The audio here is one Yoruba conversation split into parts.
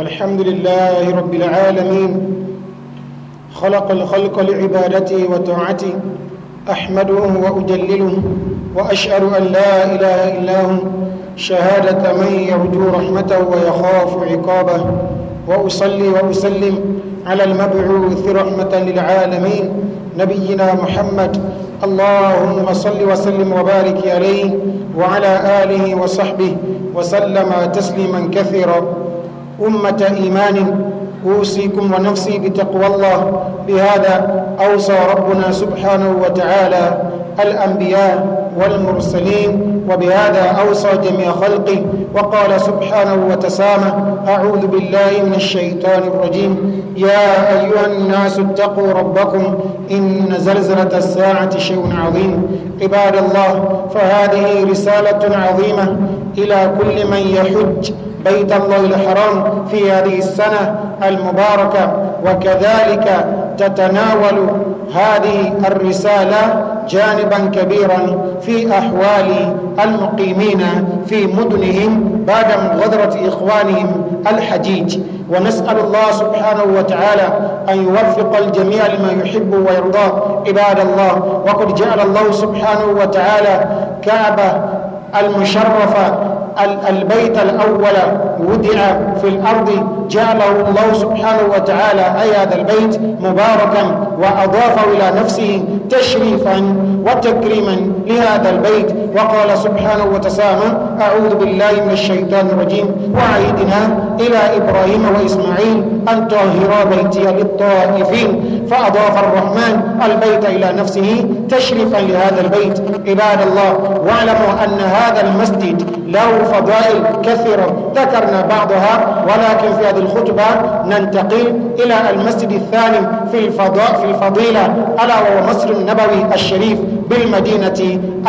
الحمد لله رب العالمين خلق الخلق لعبادته وطاعته أحمده وأجلله وأشهد أن لا إله إلا هو شهادة من يرجو رحمته ويخاف عقابه وأصلي وأسلم على المبعوث رحمة للعالمين نبينا محمد اللهم صل وسلم وبارك عليه وعلى آله وصحبه وسلم تسليما كثيرا أمة إيمان أوصيكم ونفسي بتقوى الله بهذا أوصى ربنا سبحانه وتعالى الأنبياء والمرسلين وبهذا أوصى جميع خلقه وقال سبحانه وتسامى أعوذ بالله من الشيطان الرجيم يا أيها الناس اتقوا ربكم إن زلزلة الساعة شيء عظيم عباد الله فهذه رسالة عظيمة إلى كل من يحج بيت الله الحرام في هذه السنة المباركة وكذلك تتناول هذه الرسالة جانبا كبيرا في أحوال المقيمين في مدنهم بعد مغادرة إخوانهم الحجيج ونسأل الله سبحانه وتعالى أن يوفق الجميع لما يحب ويرضاه عباد الله وقد جعل الله سبحانه وتعالى كعبة المشرفة البيت الأول ودع في الأرض جعله الله سبحانه وتعالى أي هذا البيت مباركا وأضافه إلى نفسه تشريفا وتكريما لهذا البيت وقال سبحانه وتسامى أعوذ بالله من الشيطان الرجيم وعيدنا إلى إبراهيم وإسماعيل أن طهرا بيتي للطائفين فأضاف الرحمن البيت إلى نفسه تشريفا لهذا البيت عباد الله واعلموا أن هذا المسجد له فضائل كثيرة ذكرنا بعضها ولكن في هذه الخطبة ننتقل إلى المسجد الثاني في, الفضاء في الفضيلة ألا وهو مسجد النبوي الشريف بالمدينة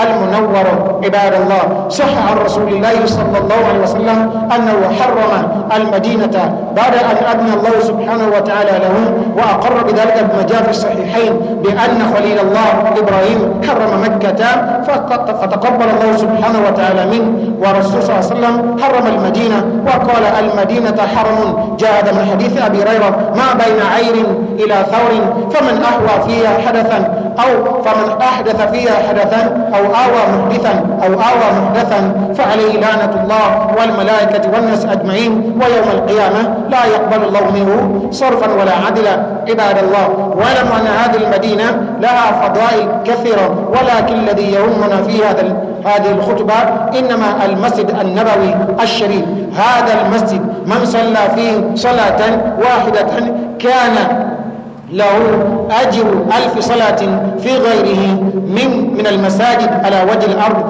المنورة عباد الله صح عن رسول الله صلى الله عليه وسلم أنه حرم المدينة بعد أن أبنى الله سبحانه وتعالى له وأقر بذلك ابن في الصحيحين بأن خليل الله إبراهيم حرم مكة فتقبل الله سبحانه وتعالى منه ورسول صلى الله عليه وسلم حرم المدينة وقال المدينة حرم جاء هذا من حديث أبي هريرة ما بين عير إلى ثور فمن أهوى فيها حدثا أو فمن أحدث فيها حدثا أو آوى محدثا أو آوى محدثا فعليه لعنة الله والملائكة والناس أجمعين ويوم القيامة لا يقبل الله منه صرفا ولا عدلا عباد الله واعلم أن هذه المدينة لها فضائل كثيرة ولكن الذي يهمنا في هذا هذه الخطبة إنما المسجد النبوي الشريف هذا المسجد من صلى فيه صلاة واحدة كان له أجر ألف صلاة في غيره من من المساجد على وجه الأرض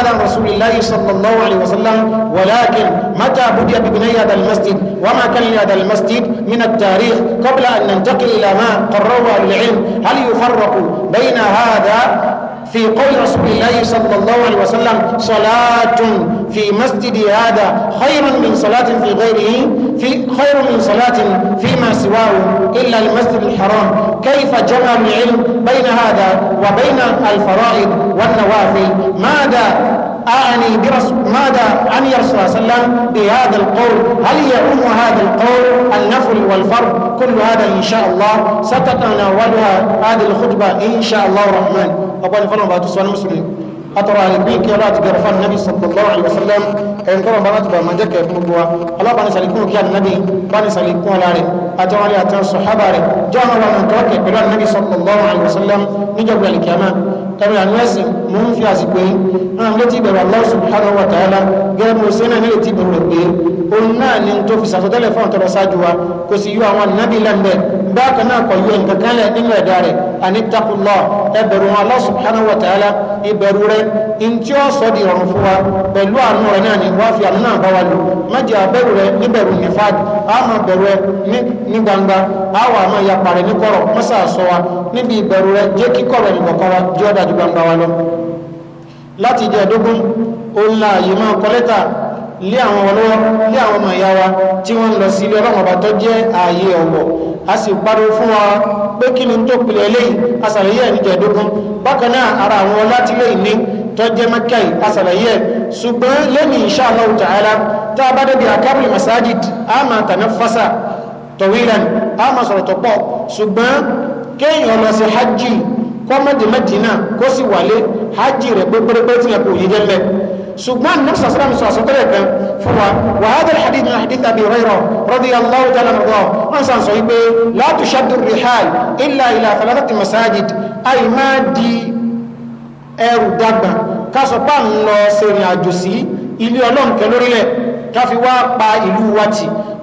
هذا رسول الله صلى الله عليه وسلم ولكن متى بدي ببني هذا المسجد وما كان لهذا المسجد من التاريخ قبل أن ننتقل إلى ما قرره العلم هل يفرق بين هذا في قول رسول الله صلى الله عليه وسلم صلاة في مسجد هذا خير من صلاة في غيره في خير من صلاة فيما سواه إلا المسجد الحرام كيف جمع العلم بين هذا وبين الفرائض والنوافل ماذا أعني برسول ماذا عني رسول الله صلى الله عليه وسلم بهذا القول هل يعم هذا القول النفل والفرض كل هذا إن شاء الله ستتناولها هذه الخطبة إن شاء الله الرحمن أقول فلما باتوا سؤال المسلمين البيك عليك يا رات قرفان النبي صلى الله عليه وسلم إن قرب بنات بمجك يكون بوا الله بني سليكون كان النبي بني سليكون لاري أترى علي أترى الصحابة جاء من توكل بلا النبي صلى الله عليه وسلم نجب للكامل ترى أنوزن mo ń fi àsìkò yìí náà ló ti bẹ̀rù Allah subhanahu wa ta'ala gẹ́gẹ́ bí mo ṣe náà nílò ti bẹ̀rù rẹ̀ pé òun náà ni tó fi sàtọ́tẹ́lẹ̀ fún ọ̀tọ̀rọ̀ ṣáájú wa kò sì yọ àwọn ànábì lẹ́mbẹ̀ bákan náà kọ̀ yọ nǹkan kan lẹ̀ nínú ẹ̀dá rẹ̀ àní takùlọ̀ ẹbẹ̀rù wọn Allah subhanahu wa ta'ala ìbẹ̀rù rẹ̀ in tí ó sọ di ọ̀run fún wa pẹ̀lú àánú rẹ̀ náà ni wọ́n fi àánú náà bá wa lò mẹ́jẹ̀ àbẹ̀rù rẹ̀ níbẹ̀rù nifad àmọ́ bẹ̀rù rẹ̀ ní gbangba àwọn àmọ́ ìyapa rẹ̀ ní kọ̀rọ̀ mọ́sàásọ wa níbi ìbẹ̀rù rẹ̀ jẹ́ kíkọ̀ rẹ̀ nìkọ̀kọ̀ wa jẹ́ ọ̀dájú gbangba wa lọ láti jẹ́ ọdógún ó ń la àyè máa kọ́lẹ́tà lé àwọn ọlọ́wọ́ lé àwọn ọmọ ìyá wa tí wọ́n ń lọ sí ilé ọlọ́run ọba tó jẹ́ ààyè ọ̀wọ̀ a sì pariwo fún wa pé kí ni tó pilẹ̀ eléyìí asàlàyé ẹ̀ níjẹ̀ dógún bákan náà ara àwọn ọlátìlẹ̀ ìní tó jẹ́ mẹ́kà kọ́mọ̀dé mẹ́dínà kó sì wálé hajj rẹ̀ pépérépé tí yẹn kò yí jẹ́ mẹ́ ṣùgbọ́n nàbí sàṣẹ́lámù sọ àsọtẹ́lẹ̀ kan fún wa wàhádà hadith náà hadith àbí rẹ́rọ̀ rọ́dí aláwọ̀ tààlà rọ̀ wọ́n sàn sọ wípé látò ṣàdùn rihal ilà ilà àtàlátàtì masajid àì máa di ẹrù dàgbà kásọpá ń lọ sẹ̀rìn àjò sí ilé ọlọ́nkẹ́ lórílẹ̀ káfi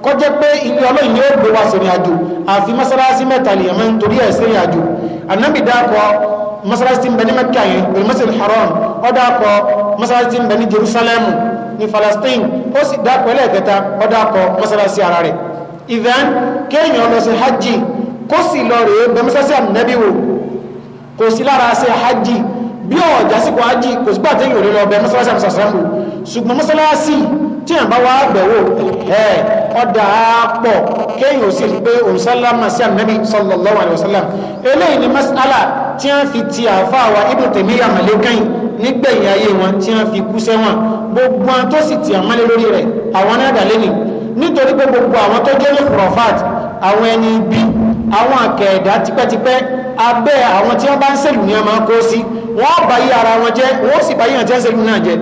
kọjẹ́ pé ilé ọlọ́yìn yóò gbé wa sẹ̀rìn àjò àfi mọ́sálásí mẹ́ta lèèyàn mẹ́ nítorí ẹ̀ sẹ̀rìn àjò anabi dákọ masalasi tí ń bẹ ní Mẹ́kà yẹn olùmọ́sílì haram ó dákọ masalasi tí ń bẹ ní Jerusalemu ní Palestine ó sì dákọ ẹlẹ́ẹ̀kẹta ó dákọ masalasi ara rẹ̀ ìdán kéèyàn lọ sí hajj kó sì lọ rèé bẹ masalasi anabi wò kò sí lára sí hajj bí ọ̀jà sí kò hajj kò sí gbà téèyàn ò bẹ masalasi àmì ṣùgbọ́n masalasi tí ẹ̀ bá wá bẹ̀wò ẹ̀ ọ̀dà pọ̀ kéèyàn sì rí pé òun sálámà sí ànábì sallallahu alaihi wasallam eléyìí ni masala tí wọ́n fi ti àfa àwa Ibn Taymiyyah màlẹ́kẹ́yìn nígbẹ̀yìn ayé wọn tí wọ́n fi kú sẹ́wọ̀n gbogbo àwọn tó sì ti àmọ́lé lórí rẹ̀ àwọn náà dà nítorí pé gbogbo àwọn tó jẹ́ ní kùrọ̀fàt àwọn ẹni ibi àwọn àkẹ̀ẹ̀dá tipẹ́tipẹ́ abẹ́ àwọn tí wọ́n bá ń sẹ́lù ní ọmọ kó sí wọ́n bá yí ara wọn jẹ́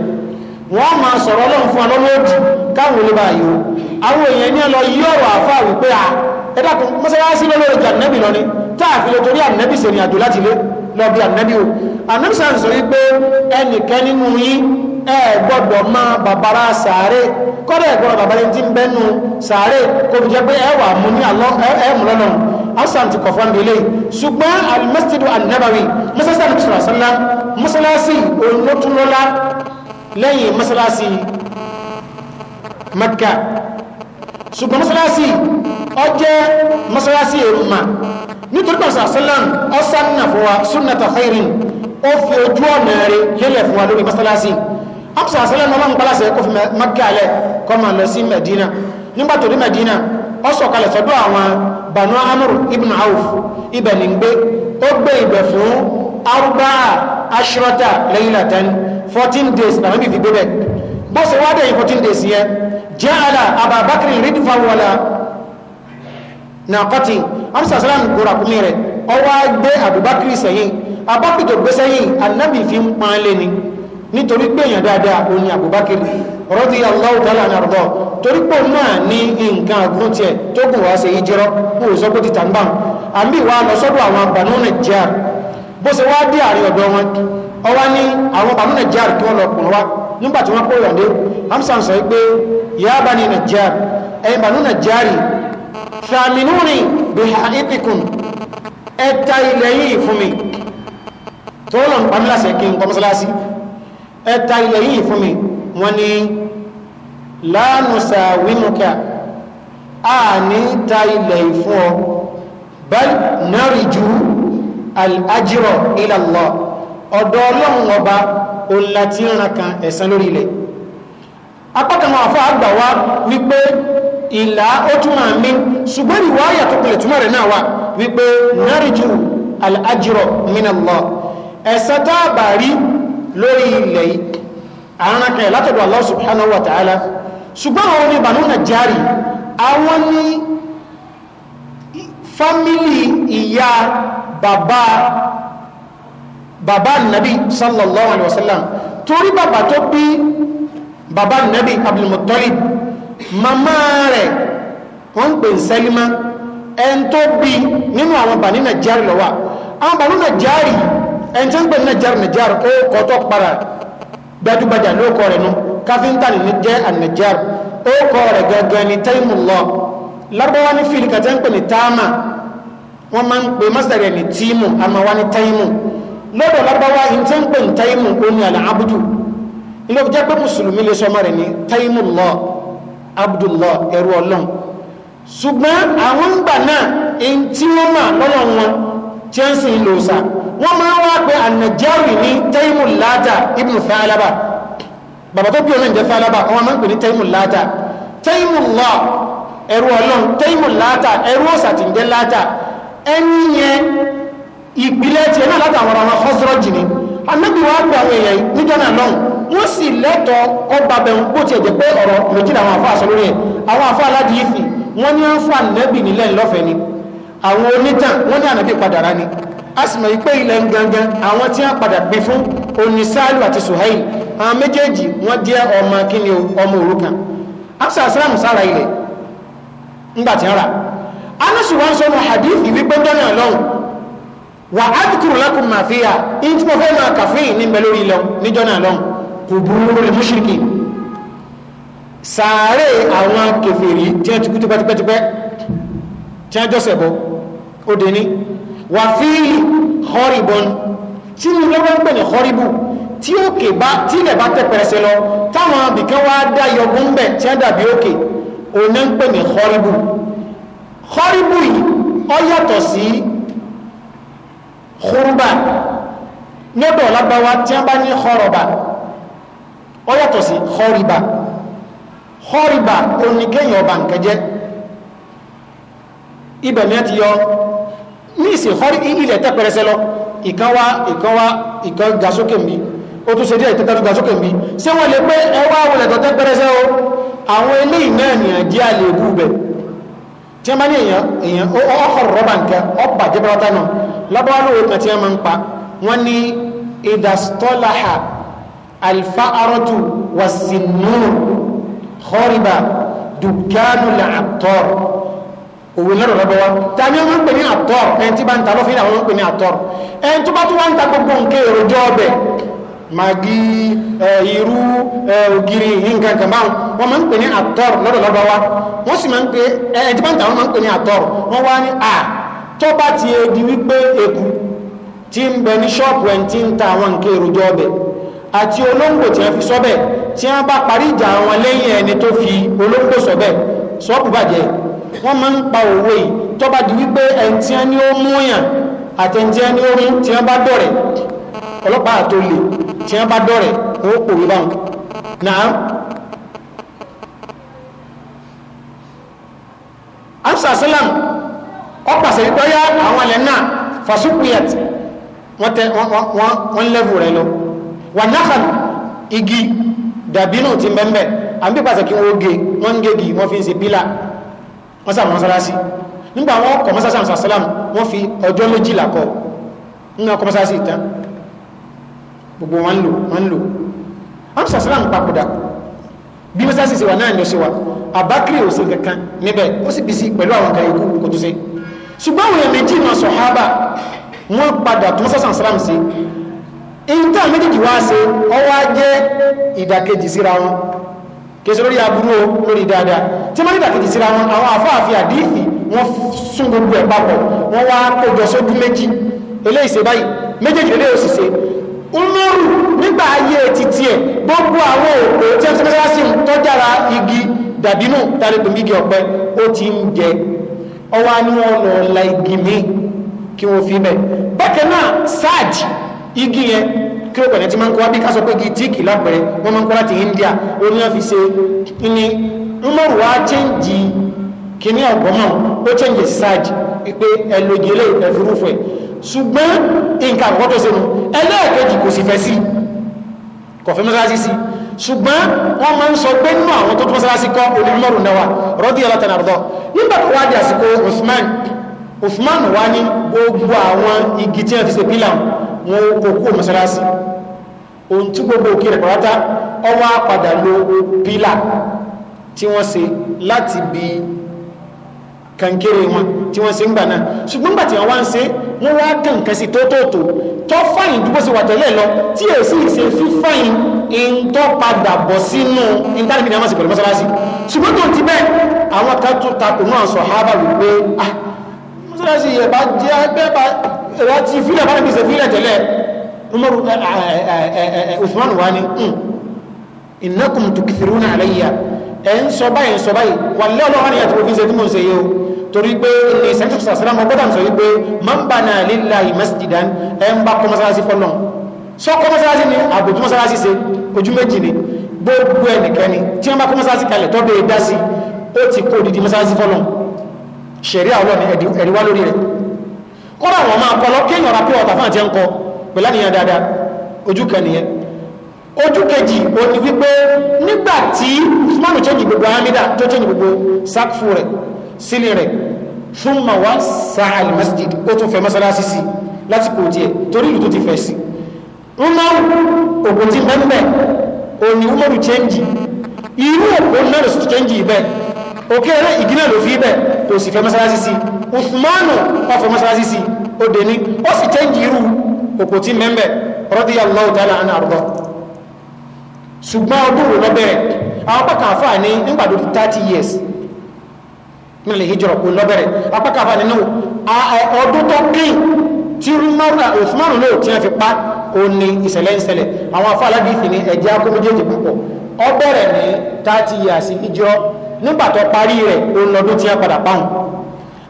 wọ́n máa sọ̀rọ̀ ọlọ́run fún ọlọ́lọ́dì káwọn olè bá yóò àwọn èèyàn ní ọlọ yí ọ̀rọ̀ àfáà wípé à ẹ̀dàkùn mọ́sálásí lọ́lọ́rọ̀ jù ànẹ́bì lọ ni táàfin lè torí ànẹ́bì ṣe ìrìnàjò láti ilé lọ bí ànẹ́bì o ànẹ́bì sàn sọ wípé ẹnìkan nínú yín ẹ gbọ́dọ̀ máa bàbára sàárè kọ́dọ̀ ẹ gbọ́dọ̀ bàbára ti ń bẹ́nu sàárè kò jẹ́ pé ẹ wà mú ní ẹ̀mùlọ́nà asan ti kọ̀fọ́n délé ṣùgbọ́n alimẹ́sítẹ́dù ànẹ́bàwì mọ́sálásí ànẹ́bì sọ̀rọ̀ sọ́lá mọ́sálásí òun ló lẹ́yìn masalasi Mẹ́kà ṣùgbọ́n masalasi ọjẹ́ masalasi èrùmà nítorí pàṣẹ àṣẹlẹ́n ọ̀sánà fún wa súnnàtà khairin ó fi ojú ọ̀nà rẹ̀ lélẹ̀ fún wa lórí masalasi ọ̀sán àṣẹlẹ́n ọlọ́run pàlásẹ̀ kó fi Mẹ́kà lẹ̀ kọ́ lọ sí Mẹ́dínà nígbà tó rí Mẹ́dínà sọ̀kalẹ̀ sọ́dọ̀ àwọn Banu Amr ibn Auf ibẹ̀ ní gbé ó gbé ibẹ̀ fún arúgbà aṣọ́ta lẹ́yìn àtẹ́ni 14 days na bí bụ gbé bẹ́ẹ̀ bó ṣe 14 days yẹn jẹ́ àlà àbàbákiri rídìfà wọlá nàkọ́tì amsasalam gbọ́ra kúmi rẹ̀ ọwọ́ gbé àbúbákiri sẹ́yìn abákiri tó gbé sẹ́yìn anábì fi ń pan lé ni nítorí pé èèyàn dáadáa ó ní àbúbákiri radiyallahu ta'ala anhu torí pò náà ní nǹkan àgùn tiẹ̀ tó gùn wá ṣe yí jẹ́rọ́ kó ti tàǹbà àmì ìwà lọ sọ́dọ̀ àwọn àgbànú bó ṣe wá dé àárín ọ̀dọ̀ wọn ọwá ní àwọn bàbá nàìjíríà kí wọ́n lọ pọ̀ wá nígbà tí wọ́n kó ìyàndé hamsan sọ pé ìyá bá ní nàìjíríà ẹ̀yìn bàbá nàìjíríà fàmìlúrin bìhà ìpìkùn ẹ̀ta ilẹ̀ yìí fún lánùsà wímúkà a ní ta ilẹ̀ fún ọ bẹ́ẹ̀ náà rí jù al-ajrọ̀ ila Allah ọ̀dọ̀ ọlọ́run ọba òun láti ran kan ẹ̀san lórí ilẹ̀ apákanà àfọ́ àgbà wá wípé ìlà ó túnmà mí ṣùgbọ́n ìwáyà tó pẹ̀lẹ̀ túnmà rẹ̀ náà wà wípé náríjù al-ajrọ̀ min Allah ẹ̀san tá a bà rí lórí ilẹ̀ fámílì ìyá bàbá bàbá nàbí sallallahu alaihi wasallam torí bàbá tó bí bàbá nàbí Abdul Muttalib màmá rẹ̀ wọ́n ń pè ń sẹ́límá ẹn tó bí nínú àwọn bàní nàìjíríà lọ́wà àwọn bàní nàìjíríà ẹn tí ń pè nàìjíríà nàìjíríà ó kọ́ tó para gbajúgbajà lóòkọ́ rẹ̀ gẹ́gẹ́ ní Taymullah lárúbáwá ní fíìlì kàtẹ́ ń pè ní táàmà wọ́n máa ń pè mọ́sàrẹ̀ ní tíìmù àmọ́ wá ní táìmù lọ́dọ̀ lárúbáwá yìí tẹ́ ń pè ní táìmù ó ní àlà abudu ilé ọjọ́ pé mùsùlùmí lè sọmọ rẹ̀ ní táìmù lọ abdullah ẹrú ọlọ́run ṣùgbọ́n àwọn ìgbà náà èyí tí wọ́n mà lọ́nà wọn tí ó ń sin ìlò òsà wọ́n máa ń wá pé ànàjẹ́rì ní táìmù láàdà ibùn fàálábà bàbá tó bí ẹ̀rù ọlọ́run tẹ́ìmù láta ẹ̀rù ọ̀sà ti ń jẹ́ láta ẹni yẹn ìpìlẹ̀ tiẹ̀ náà láta àwọn ọmọ ọ̀sọ́rọ̀ jìnnì anábì wa gba àwọn èèyàn níjọ́ náà lọ́hùn wọ́n sì lẹ́tọ̀ọ́ ọba bẹ̀rù bó tiẹ̀ jẹ́ pé ọ̀rọ̀ méjì làwọn afọ àṣọ lórí ẹ̀ àwọn afọ aládìí ìfì ni àwọn onítàn ọmọ kíni ọmọ asalamu sára ilẹ̀ ńgbàtí ara anásù wá ń sọ́nà hadithi wípé dọ́nà lọ́hùn wà á dùkùrù lákùn máa fi hà in tí mo fẹ́ máa kàfíìn ní mẹ́lórí lọ ní dọ́nà lọ́hùn kò burú rẹ̀ mùṣírikí sàárè àwọn kèfèrí tí wọ́n ti kú tipẹ́tipẹ́tipẹ́ tí wọ́n jọ́sẹ̀ bọ́ ó dé ní wà fi họ́rìbọn lọ́wọ́ ń pè họ́rìbù tí òkè bá tí ilẹ̀ bá tẹ̀ pẹ̀rẹsẹ̀ lọ táwọn abìkan wá dá yọgún bẹ̀ tí wọ́n dàbí òkè òun ń pè ní kọ́ríbù kọ́ríbù yìí ó yàtọ̀ sí kúrúbà lọ́dọ̀ lábáwá tí wọ́n bá ní kọ́rọ̀bà ó yàtọ̀ sí kọ́ríbà kọ́ríbà oníkéyàn ọba nǹkan jẹ́ ibẹ̀ ni ti yọ ní ìsìn ilẹ̀ tẹ́pẹrẹsẹ lọ ìkan wá ìkan wá ìkan ó tún ṣe díẹ̀ ìtẹ́tàdùgbà sókè mi ṣé wọ́n lè pé ẹwà àwọn ẹ̀tọ́ tẹ́ pẹ́rẹsẹ́ o àwọn eléyìí náà nìyàn jẹ́ àlèébù bẹ̀ tí wọ́n bá ní èèyàn èèyàn ọkọ̀rọ̀ rọ́bà nǹkan ọba jẹ́ pẹ́rẹ́ta náà lọ́bọ́wá lówó kan tí wọ́n máa ń pa wọ́n ní ìdàstọ́láhà alfa'arọ́tù wàsínúrù kọ́rìbà dùkánù làtọ́r òwe lọ́rọ̀ lọ́bọ́wá ta ni wọ́n ń pè ní àtọ́r ẹni tí bá ń ta lọ́fíìn àwọn ń pè ní àtọ́r ẹni tó bá tún wá ń ta gbogbo nǹkan èròjọ́ ọbẹ̀ magi eh, irú ògiri eh, hinga kamau báwọn wọ́n máa ń pè ní àtọ́rù lọ́dọ̀ lọ́dọ̀ wa wọ́n sì máa ń pè eh, ẹ̀ẹ́dì bá ń tà wọ́n máa ń pè ní àtọ́rù wọ́n wá ní à tó bá ti e di wípé èkú tí ń bẹ ní ṣọ́ọ̀pù ẹ̀ ta àwọn nǹkan èròjọ ọbẹ̀ àti olóńgbò tí wọ́n fi sọ́bẹ̀ tí wọ́n bá parí ìjà wọn lẹ́yìn ẹni tó fi olóńgbò sọ́bẹ̀ ṣọ́ọ̀pù ba wọ́n máa ń pa òwe yìí tó bá di wípé ẹni tí wọ́n ní ó mú yàn àtẹ̀ntí ẹni ó mú tí wọ́n bá dọ̀rẹ̀ ọlọ́pàá àtò lè tí wọ́n bá dọ̀rẹ̀ wọ́n pòwe báwọn náà amsasalam ọpàṣẹ ìgbọ́yá àwọn alẹ́ náà fasukuyat wọ́n lẹ́bù rẹ̀ lọ wà náà igi dàbínú ti mẹ́mẹ́ àbí pàṣẹ kí wọ́n gé wọ́n gégi wọ́n fi ń ṣe pílà wọ́n sàmọ́ sára sí nígbà wọn kọ̀ mọ́sásàm sàsálàm wọ́n fi ọjọ́ méjìlá kọ́ nínú ọkọ̀ ìtàn gbogbo wọn lò wọn lò wọn sọ sílá ń papòdà bí wọn sáà sì wà náà ni ó ṣe wà àbákìrì ò sí kankan níbẹ̀ ó sì bí sí pẹ̀lú àwọn kan ikú kò tó ṣe ṣùgbọ́n àwọn èèyàn méjì náà sàhábà wọn padà tó sọ̀sán sílám sí ìta méjèèjì wá ṣe ọwọ́ jẹ́ ìdàkejì síra wọn kèsì lórí aburú lórí dáadáa tí wọ́n ní ìdàkejì síra wọn àwọn àfáàfi àdífì wọ́n sún gbogbo ẹ̀ papọ̀ wọ́n wá kójọ sójú méjì eléyìí ṣe báyìí méjèèjì eléyìí ò sì ṣe umaru nígbà ayé títí ẹ̀ gbogbo àwọn òpó tí ti sí igi dàbínú tàbí pèmí igi ó ti igi mi kí wọ́n fi bẹ̀ igi yẹn kí ó pẹ̀lẹ́ tí ń bí ká sọ pé igi tíìkì lápẹ̀rẹ̀ wọ́n ma ń kọ́ láti kìíní ọgbọ̀mọ̀ ó change side pé ẹlòjì ilé ẹ̀fúrúfẹ́ ṣùgbọ́n nǹkan àkọ́kọ́ tó sẹ́nu ẹlẹ́ẹ̀kejì kò sì fẹ́ sí kọ̀fẹ́ mọ́sálásí sí ṣùgbọ́n wọ́n máa ń sọ pé nínú àwọn tó tó mọ́sálásí kọ́ olùmọ́rùn náwà Usman Usman wá ní gbogbo àwọn igi tí wọ́n fi ṣe pílà wọn kò kú mọ́sálásí ohun tí gbogbo òkè láti bíi kankéré wọn tí wọ́n ṣe ń gbà náà ṣùgbọ́n nígbà tí wọ́n wá ń ṣe wọ́n wá kàn kan sí tótótó tó fáyìn dúpọ̀ sí wà tẹ́lẹ̀ lọ tí èyí sì ṣe fífáyìn ń tọ́ padà bọ̀ sínú ìdánimí ni a máa ṣe pẹ̀lú mọ́sálásí ṣùgbọ́n tó ti bẹ́ẹ̀ àwọn kan tún takò náà sọ hábà wípé ah mọ́sálásí yẹ bá ẹ̀ ń sọ báyìí ń sọ báyìí wà lọ́lọ́wọ́ ni àti òfin ṣe tí mo ń ṣe yìí torí pé ní sẹ́ńtì sàṣẹ́lá mọ́ gbọ́dọ̀ sọ wípé máa náà lílà masjidan ẹ̀ ń bá kọ́ mọ́sálásí fọ́lọ́ sọ kọ́ mọ́sálásí ni àbòjú mọ́sálásí ṣe ojú méjì ni gbogbo ẹnìkẹ́ni tí wọ́n bá kọ́ mọ́sálásí kalẹ̀ tọ́ bẹ́ẹ̀ dá sí ó ti kó odidi mọ́sálásí fọ́lọ́ ṣẹ̀rí àwọn ẹ̀rí wá lórí rẹ̀ kọ́dà wọn máa kọ́ lọ kéèyàn ra pé ọ̀tà fún àti ẹ̀ńkọ pẹ̀lá nìyẹn dáadáa sílẹ̀ rẹ̀ thumma wá sáà almasjid ó tún fẹ́ mọ́sálásí sí lásìkò tiẹ̀ torí ìlú tó ti fẹ́ sí umaru òkú ti mẹ́mẹ́ òní umaru change irú òkú náà sì chẹ́ńjì bẹ́ẹ̀ òkè rẹ̀ ìgínà ló fi bẹ́ẹ̀ kò sì fẹ́ mọ́sálásí sí usmanu ó fẹ́ mọ́sálásí sí ó dé ní ó sì chẹ́ńjì irú òkú ti mẹ́mẹ́ radiyallahu ta'ala anhu àrùbọ̀ ṣùgbọ́n ọdún rẹ̀ lọ́bẹ̀rẹ̀ àwọn pàkànfà ní nígbàdó 30 years nílẹ̀ hijira kò lọ́bẹ̀rẹ̀ apákàfà nínú ọdún tó kín tí rúmọ́rà òfúnmọ́rùn lóò tí wọ́n fi pa ó ní ìṣẹ̀lẹ̀ ìṣẹ̀lẹ̀ àwọn afáàlábí fi ní ẹ̀jẹ̀ akó méjèèjì púpọ̀ ó bẹ̀rẹ̀ ní táàtì yà sí hijira nígbà tó parí rẹ̀ ó ń lọ́dún tí wọ́n padà páhùn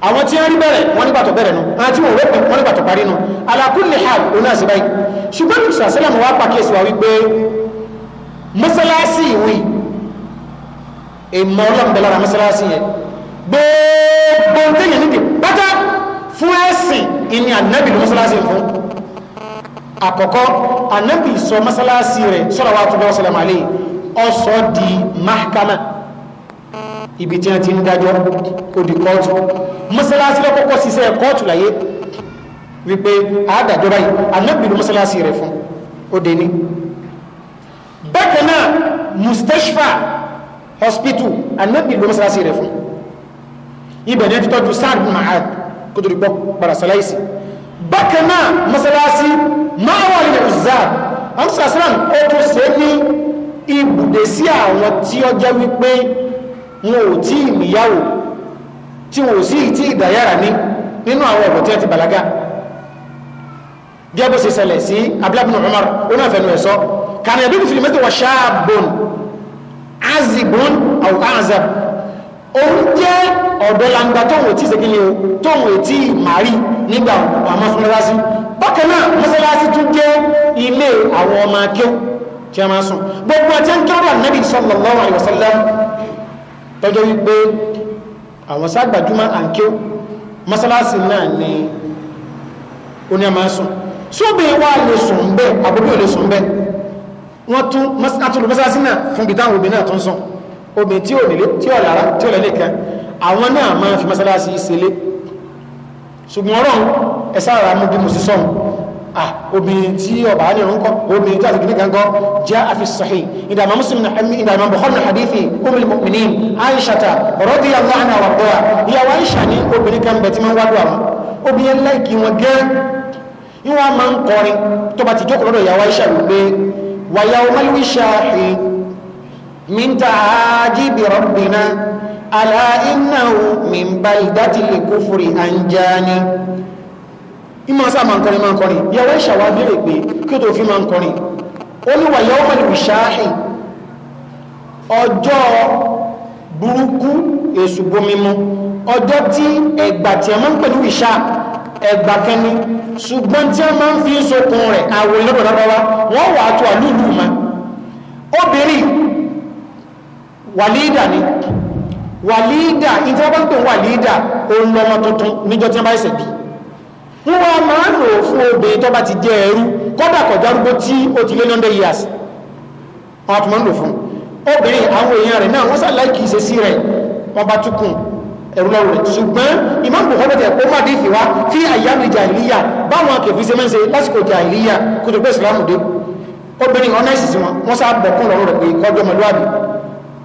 àwọn tí wọ́n rí bẹ̀rẹ̀ wọ́n nígbà tó bẹ̀rẹ̀ nu àwọn tí wọ́n wa wípé mọ́sálásí ìwé ìmọ̀ ọlọ́mọdé lára mọ́sálásí yẹn gbogbo tẹ́yìn níbi pátá fún ẹ̀sìn ìní ànábì ló mọ́sálásí fún àkọ́kọ́ ànábì sọ mọ́sálásí rẹ̀ sọ́rọ̀ wa tó bọ́ sọ́lá màlẹ́ ọ̀sọ́ di mahkama ibi tí wọ́n ti ń dájọ́ ó di kóòtù mọ́sálásí lọ́kọ́kọ́ ṣiṣẹ́ kóòtù láyé wípé àádájọ́ báyìí ànábì ló mọ́sálásí rẹ̀ fún ó dé ní bákan náà mustashfa hospital ànábì ló mọ́sálásí rẹ̀ fún ibẹ̀ ní títọ́jú sáàrùn ma'ad kó tó dìgbọ́ parasalaisi bákan náà masalasi ma'awa ilẹ̀ uzza amsasalam ó tó ṣe ní ibùdé sí àwọn tí ó jẹ́ wípé wọn ò tí ìmìyàwó tí wọn ò sí ìtí ìdáyàrá ní nínú àwọn ọ̀pọ̀ tí wọ́n ti bàlágà gẹ́gbó ṣe ṣẹlẹ̀ sí abúlábùnú Umar ó ẹ̀sọ́ kàní ẹ̀bí kò fi ṣáàbùn azibun àwọn azab ọ̀dọ́ langba tóhùn ètí ìsẹ̀kílẹ̀ o tóhùn ètí màrí nígbà àmọ́ mọ́sálásí bákan náà mọ́sálásí tún jẹ́ ilé àwọn ọmọ akẹ́ tí a máa sùn gbogbo àti ẹnkí ọ̀rọ̀ ànábì sallallahu alaihi wasallam tọ́jọ́ wípé àwọn ságbàjúmọ́ àǹkẹ́ mọ́sálásí náà ni ó ní a máa sùn sóbì wà lè sùn bẹ́ẹ̀ àbúrò lè sùn bẹ́ẹ̀ wọ́n tún mọ́sálásí náà fún bìtáwọn obìnrin náà tún àwọn náà máa fi mọ́sálásí ìṣẹ̀lẹ̀ ṣùgbọ́n ọ̀rọ̀ ẹ̀sára mú bí mo sì sọ́hun ah obìnrin tí ọba ní ọ̀run kọ́ obìnrin tí a ti gbé kan kọ́ jẹ́ àfisàhì ìdàmà muslim na ẹ̀mí ìdàmà bukhari na hadithi umul mu'minin aishata radiyallahu anha àwàgbọ́ra ìyàwó aisha ní obìnrin kan bẹ̀ tí máa ń wádùn àwọn ala innahu min baldatil kufri anjani ìmọ̀ sáà máa ń kọrin máa ń kọrin yàwó ìṣàwà bèèrè pé kí o tó fi máa ń kọrin olúwa yawmal wishaahi ọjọ́ burúkú èsù bomimu ọjọ́ tí ẹgbà tí a máa ń pẹ̀lú ìṣá ẹgbà kẹni ṣùgbọ́n tí a máa ń fi sókun rẹ̀ àwọ̀ ìlọ́dọ̀lọ́wọ́ wàlídà ìtẹ́bọ́ntò wàlídà òun lọ́mọ tuntun níjọ tí wọ́n bá ẹsẹ̀ bí wọ́n wá máa ń lò fún obìnrin tó bá ti jẹ́ ẹrú kọ́dà kọjá arúgbó tí ó ti lé lọ́ndẹ̀ years wọ́n tún máa ń lò fún obìnrin àwọn èèyàn rẹ̀ náà wọ́n sá láìkì ìṣesí rẹ̀ wọ́n bá túkùn ẹ̀rú lọ́rù rẹ̀ ṣùgbọ́n Imam Bukhari tẹ̀ kó má dé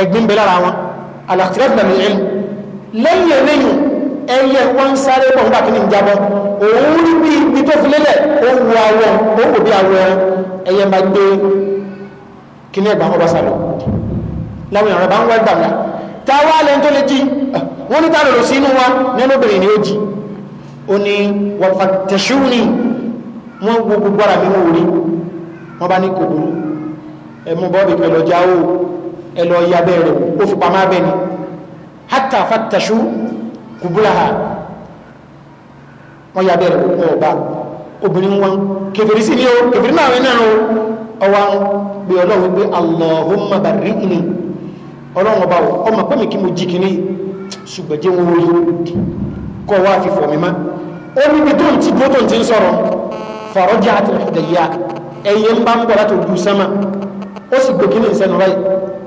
ẹ̀gbìn bẹ lára wọn alàkìrẹ́gbà ní ẹ̀lú lẹ́yìn ẹlẹ́yìn ẹyẹ wọ́n sáré pọ̀ nígbà kíní jábọ́ òun rí bí ibi tó fi lélẹ̀ ó wu awọ ó kò bí awọ ẹyẹ máa gbé kíní ẹ̀gbà ọba sáré láwọn èèyàn bá ń wá gbàgbà ta wá lẹ́yìn tó lè jí wọ́n ní tààrọ̀ ni ó jí ní wọ́n gbogbo ara mi wò rí bá ní kòkòrò ẹ̀mú bọ́ọ̀bì pẹ̀lú ọjà ẹlọ yabẹ́ rẹ̀ ó fi pamá bẹ́ni hátà fàtàṣú kùbúláhà wọ́n yabẹ́ rẹ̀ ó bá obìnrin wọn kèfèrè sí ní o kèfèrè náà náà o ọwá bí ọlọ́run pé allahumma bàrí ni ọlọ́run ọba ọmọ pẹ́mì kí mo jí kìíní wọn orí kọ́ wá fi fọ̀ mímá ó ti bó ti ń sọ̀rọ̀ ẹ̀yẹ ń bá ń bọ̀ láti ojú sẹ́mà ó sì gbé kí ní ìsẹ́nu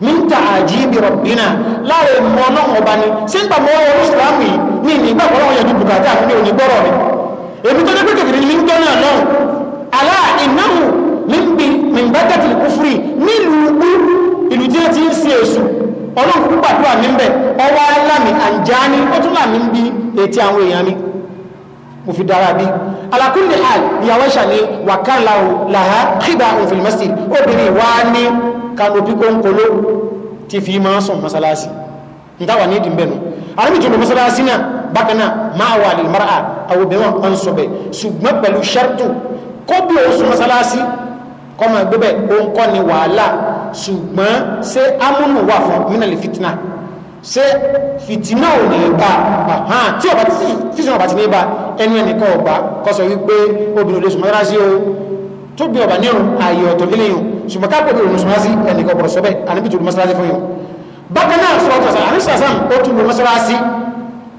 min ta'ajibi rabbina láàrẹ ìmọ̀ náà ọba ni ṣé ń gbà mọ́ ọ̀rọ̀ ìsìlámù yìí ní ìgbà kan náà yẹjú bùkátà àti òní gbọ́rọ̀ rẹ̀ èmi tó dẹ́gbẹ́ kẹfìrí ní gbọ́ náà náà alá ìnáwó níbi mìǹbákẹ́tì kúfúrì nílùú úrú ìlú tí wọ́n ti ń sin èṣù ọlọ́run kúkú pàdúrà mi ń bẹ̀ ọwọ́ alámi àǹjáni ó tún láàmì ń bi kanopi kónkóló ti fi máa sùn masalasi n táwà ni ìdí mbẹ́nu arábì tó masalasi na bákan náà máa wà mara àwọn obìnrin wọn sọ bẹ ṣùgbọ́n pẹ̀lú ṣẹ́rtù kó bí o sùn masalasi kọ́ máa gbé bẹ́ẹ̀ ó ń kọ́ ni wàhálà ṣùgbọ́n ṣé amúnú wà fún mínàlì fitina ṣé fitina ò ní bá hàn tí ọba fitina ọba ti ní bá ẹnu ẹnìkan ọba kọ́ sọ wípé obìnrin olóṣù masalasi o tó bí ọba nírun ààyè ọ̀tọ̀ lílẹ̀yìn ṣùgbọ́n ká pẹ̀lú ìrùn mọ́sálásí ẹnìkan ọ̀pọ̀ sọ́bẹ̀ àníbi tòlú mọ́sálásí fún yìí bákan náà sọ̀rọ̀ tọ̀sán àní sàsán ó tún lu mọ́sálásí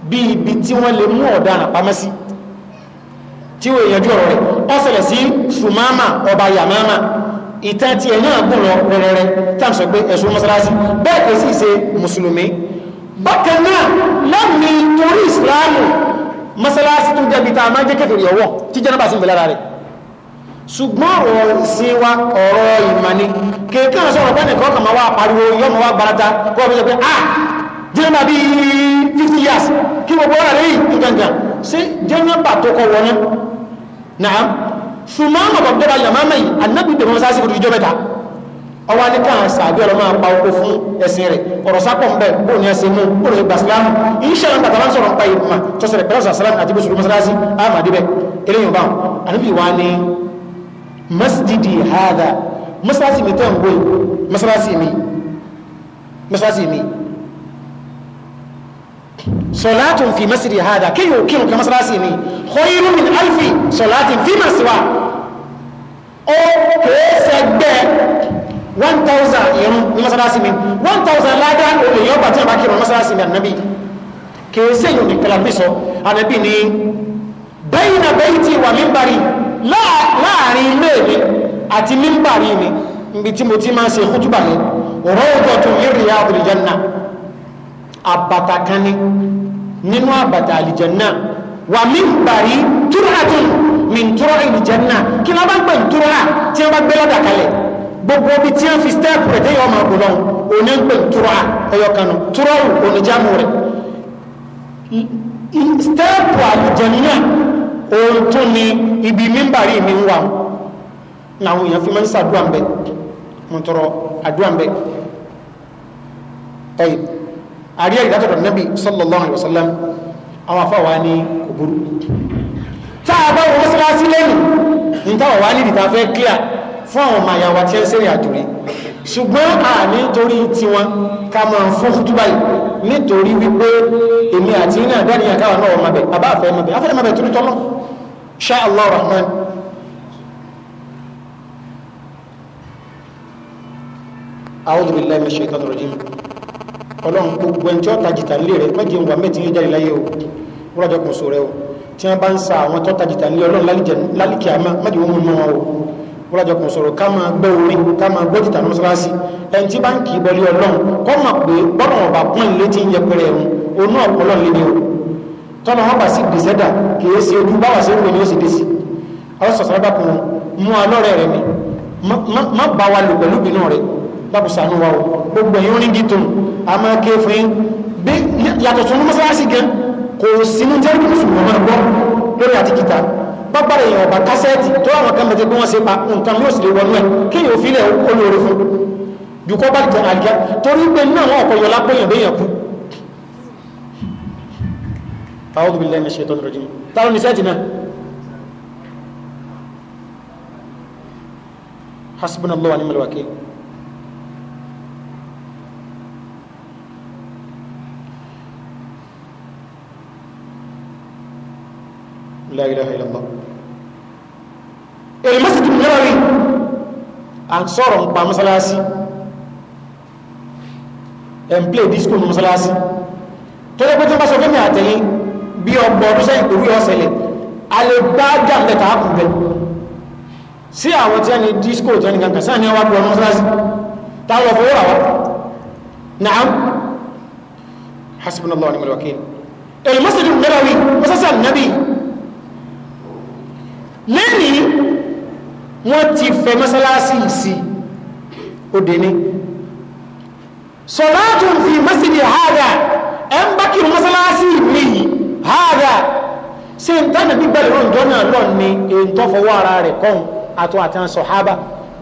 bí ibi tí wọ́n lè mú ọ̀daràn pamẹ́ sí tí ó yanjú ọ̀rọ̀ rẹ̀ ó ṣẹlẹ̀ sí sùmáàmà ọba yàmáàmà ìtàn tiẹ̀ náà gùn lọ rẹ̀rẹ̀rẹ̀ táà sọ pé ẹ̀sùn mọ́sálásí bẹ́ẹ̀ kò sì ṣe mùsùlùmí bákan náà lẹ́mìí torí ìsìláàmù mọ́sálásí tún jẹ́bi tá a máa jẹ́ kékeré ọwọ́ tí jẹ́nàbà sí ìgbélára rẹ̀ ṣùgbọ́n ọ̀rọ̀ ìsìn wa ọ̀rọ̀ ìmọ̀ni kèèkàn sọ̀rọ̀ pẹ́ nìkan kàn máa wá pariwo yọ́mọ wá gbarata kó ọmọ ìjọba ah jẹ́nà bíi fifty years kí gbogbo ọ̀rọ̀ rẹ̀ yìí gangan ṣé jẹ́nà bà tó kọ wọ́n náà ṣùgbọ́n àwọn bàbá bàbá yàmá mẹ́yì anábì dèmọ́ sáàsì kòtò ìjọba ta ọwọ́ ní káà sàbí ọlọ́mọ apá oko fún ẹ̀sìn rẹ̀ ọ̀rọ̀ sápọ̀ ń bẹ̀ bóun ní ẹ̀sìn mú bóun ní gbàsílám iṣẹ́ àwọn bàtà máa ń sọ̀rọ̀ nípa ìgbìmọ̀ tọ́sẹ̀rẹ̀ pẹ̀lú sàsálàm àti bíṣùlùmọ́sálásí àmàdíbẹ̀ eléyìí bá wọn àníbì wá ní masjidi hada masalasi mi tẹ́ ń gbé masalasi mi masalasi mi sọ̀látùn fi masjidi hada kí yóò kí nǹkan masalasi mi khairun min alfi sọ̀látùn fi máa síwá ó kèése gbẹ́ 1000 irun ní masalasi mi 1000 ládá olè yọ́ bàtí àbákí ìrọ̀ masalasi mi ànábì kèése yóò ní kalabi sọ ànábì ni bayna bayti wa minbari láàrin ilé mi àti mímbàrí mi níbi tí mo ti máa ń ṣe kútùbà yẹn rawdatun min riyadil janna àbàtà kan ní nínú àbàtà àlìjẹ̀nà wà mímbàrí túrọ̀tún min túrọ̀ àlìjẹ̀nà kí wọ́n bá gbẹ̀ túrọ̀ tí wọ́n bá gbé lọ́dà kalẹ̀ gbogbo ibi tí ohun tó ni ibi mímbàrí mi wà láwọn èèyàn fi máa ń sàdúrà ń bẹ tọrọ àdúrà ń bẹ àrí ẹ̀rí látọ̀dọ̀ nẹ́bí sallallahu alaihi wasallam àwọn afọ́ wa ní kò burú tá a bá clear fún àwọn ọmọ àyàwó àti ẹsẹ̀rẹ̀ àjòrí ṣùgbọ́n àní torí tiwọn ká máa fún kútúbà yìí nítorí wípé èmi àti iná àdáni àkáwà náà wọ́n mabẹ̀ àbá àfẹ́ mabẹ̀ afẹ́ mabẹ̀ torí tọ́lọ́ ṣá allah rahman a'udhu billahi minash shaitani rajim ọlọ́run gbogbo ẹni tí ó tajìta nílé rẹ̀ mẹ́jì ń wà mẹ́tì ń jáde láyé o wúrọ̀jọkùn sọ rẹ o tí wọ́n bá ń sa àwọn tó tajìta nílé ọlọ́run lálìkẹ́ àmọ́ mẹ́jì wọ́n mú mọ́ wọn o wọ́lájọpọ̀ sọ̀rọ̀ ká máa gbọ́ orin ká máa gbọ́ títà mọ́sálásí ẹni tí bá ń kì í bọ́lé ọlọ́run kọ́ mọ̀ pé bọ́nà ọba pọ́n ilé tí ń yẹpẹrẹ ẹ̀hún onú ọ̀pọ̀lọ́ lé ní o tọ́nà wọn bá sí gbèsẹ́dà kìí ṣe ojú báwà sí ìwé ni ó sì dé sí ọlọ́sọ̀sọ̀rọ̀ bá kùn mú mi má bá wa lò pẹ̀lú bínú rẹ lábùsànú wa o gbogbo ẹ̀yìn orin dìtòun a máa ké fún yín bí yàtọ̀ pápára èèyàn ọ̀bà kásẹ́ẹ̀tì tó àwọn kan mẹ́tẹ́ bí wọ́n ṣe pa nǹkan yóò sì lè wọnú ẹ̀ kí yóò fi ilẹ̀ olóore fún jùkọ́ bá jẹ àríyá torí pé náà wọn ọ̀pọ̀ yọlá pé èèyàn kú. táwọn la ilaha illallah èyí mọ́sídì mẹ́rin à ń pa mọ́sálásí ẹ̀ play disco ní mọ́sálásí tó lẹ́gbẹ́ tí wọ́n bá sọ fẹ́mi àtẹ̀yìn bí ọgbọ̀n ọdún sẹ́yìn pẹ̀lú ọ̀sẹ̀lẹ̀ a lè bá jàǹdẹ̀ta kù bẹ́ẹ̀ sí àwọn tí a disco tí a ní kankan sáà ní ọwá gbọ́nà mọ́sálásí táwọn fowó rà wá na'am hasbunallahu wa ni'mal wakeel al masjidul nabawi masasa nabi lẹ́nìí wọ́n ti fẹ́ mọ́sálásí sí òde ní sọ̀látùn fi masjidi hada ẹ̀ ń bá kí mọ́sálásí mi yìí hada ṣe ń tánà gbígbà lọ́rùn jọ́nà lọ́n ni èyí tó fọwọ́ ara rẹ̀ kọ́hún àtọ́ àti àwọn sọ̀hábà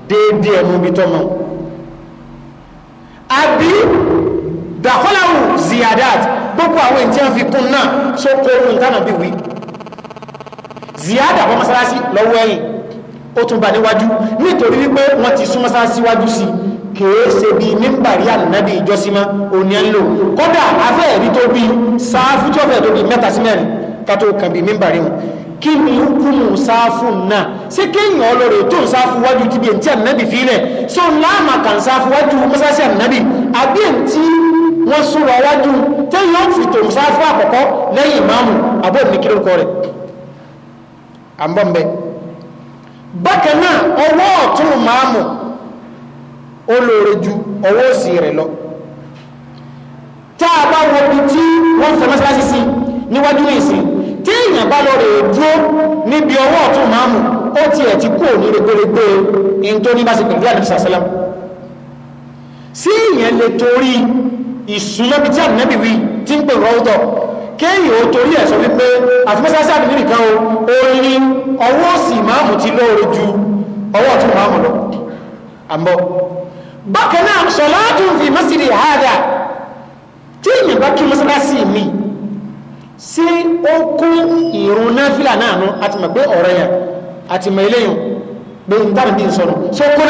déédéé ẹ̀mú bí tọ́mọ àbí dàkọ́láwù ziyadat gbogbo àwọn ìtí wọn fi kún náà sókòrò ń tánà bí wí ziyada wọn mọ́sálásí lọ́wọ́ ẹ̀yìn ó tún bá níwájú nítorí wípé wọ́n ti sún mọ́sálásí wájú sí kìí ṣe bíi mímbàrí ànábì ìjọsímọ́ òní ẹ̀ ń lò kódà afẹ́ ẹ̀rí tó bíi sáfù tó fẹ́ tó bíi mẹ́ta sí mẹ́rin kátó kàn bíi mímbàrí wọn kí ni hukumu sáfù náà ṣé kéèyàn ọlọ́rẹ̀ tó ń sáfù wájú ti bí ẹ̀ntì ànábì fílẹ̀ so láàmà kàn sáfù wájú mọ́sálásí ànábì àbí ẹ̀ntì wọ́n súnra wájú tẹ́yìn fi tòun sáfù àkọ́kọ́ lẹ́yìn ìmáàmù àbọ̀ òní kí rẹ̀ àbọ̀m̀bẹ́ bákan náà ọwọ́ ọ̀tún màámù ó lóore ju ọwọ́ òsì rẹ̀ lọ tá a bá wo ibi tí wọ́n fẹ́ mọ́sálásí sí níwájú ìsìn tí èèyàn bá lọ rè dúró níbi ọwọ́ ọ̀tún màámù ó tiẹ̀ ti kú òní rẹ̀gbẹ̀rẹ̀gbẹ̀ in tó ní bá sì pẹ̀lú àdìsí àsálàm sí èèyàn lè torí ìsúnlọ́bi tí ànábì wí tí ń pè kéyìn ó torí ẹ̀ sọ wípé àfimọ́sáṣá àbí nìkan o orin ọwọ́ òsì máàmù ti lóore ju ọwọ́ ọ̀tún máàmù lọ àmọ́ bákan náà sọ̀láàtù fi mọ́sílì hádà tí èyàn bá kí mọ́sálásí mi sí ó kún ìrún náfìlà náà nú àti mọ̀ pé ọ̀rẹ́ yẹn àti mọ̀ eléyìn pé n dáàbò bí n sọ̀rọ̀ sí ó kún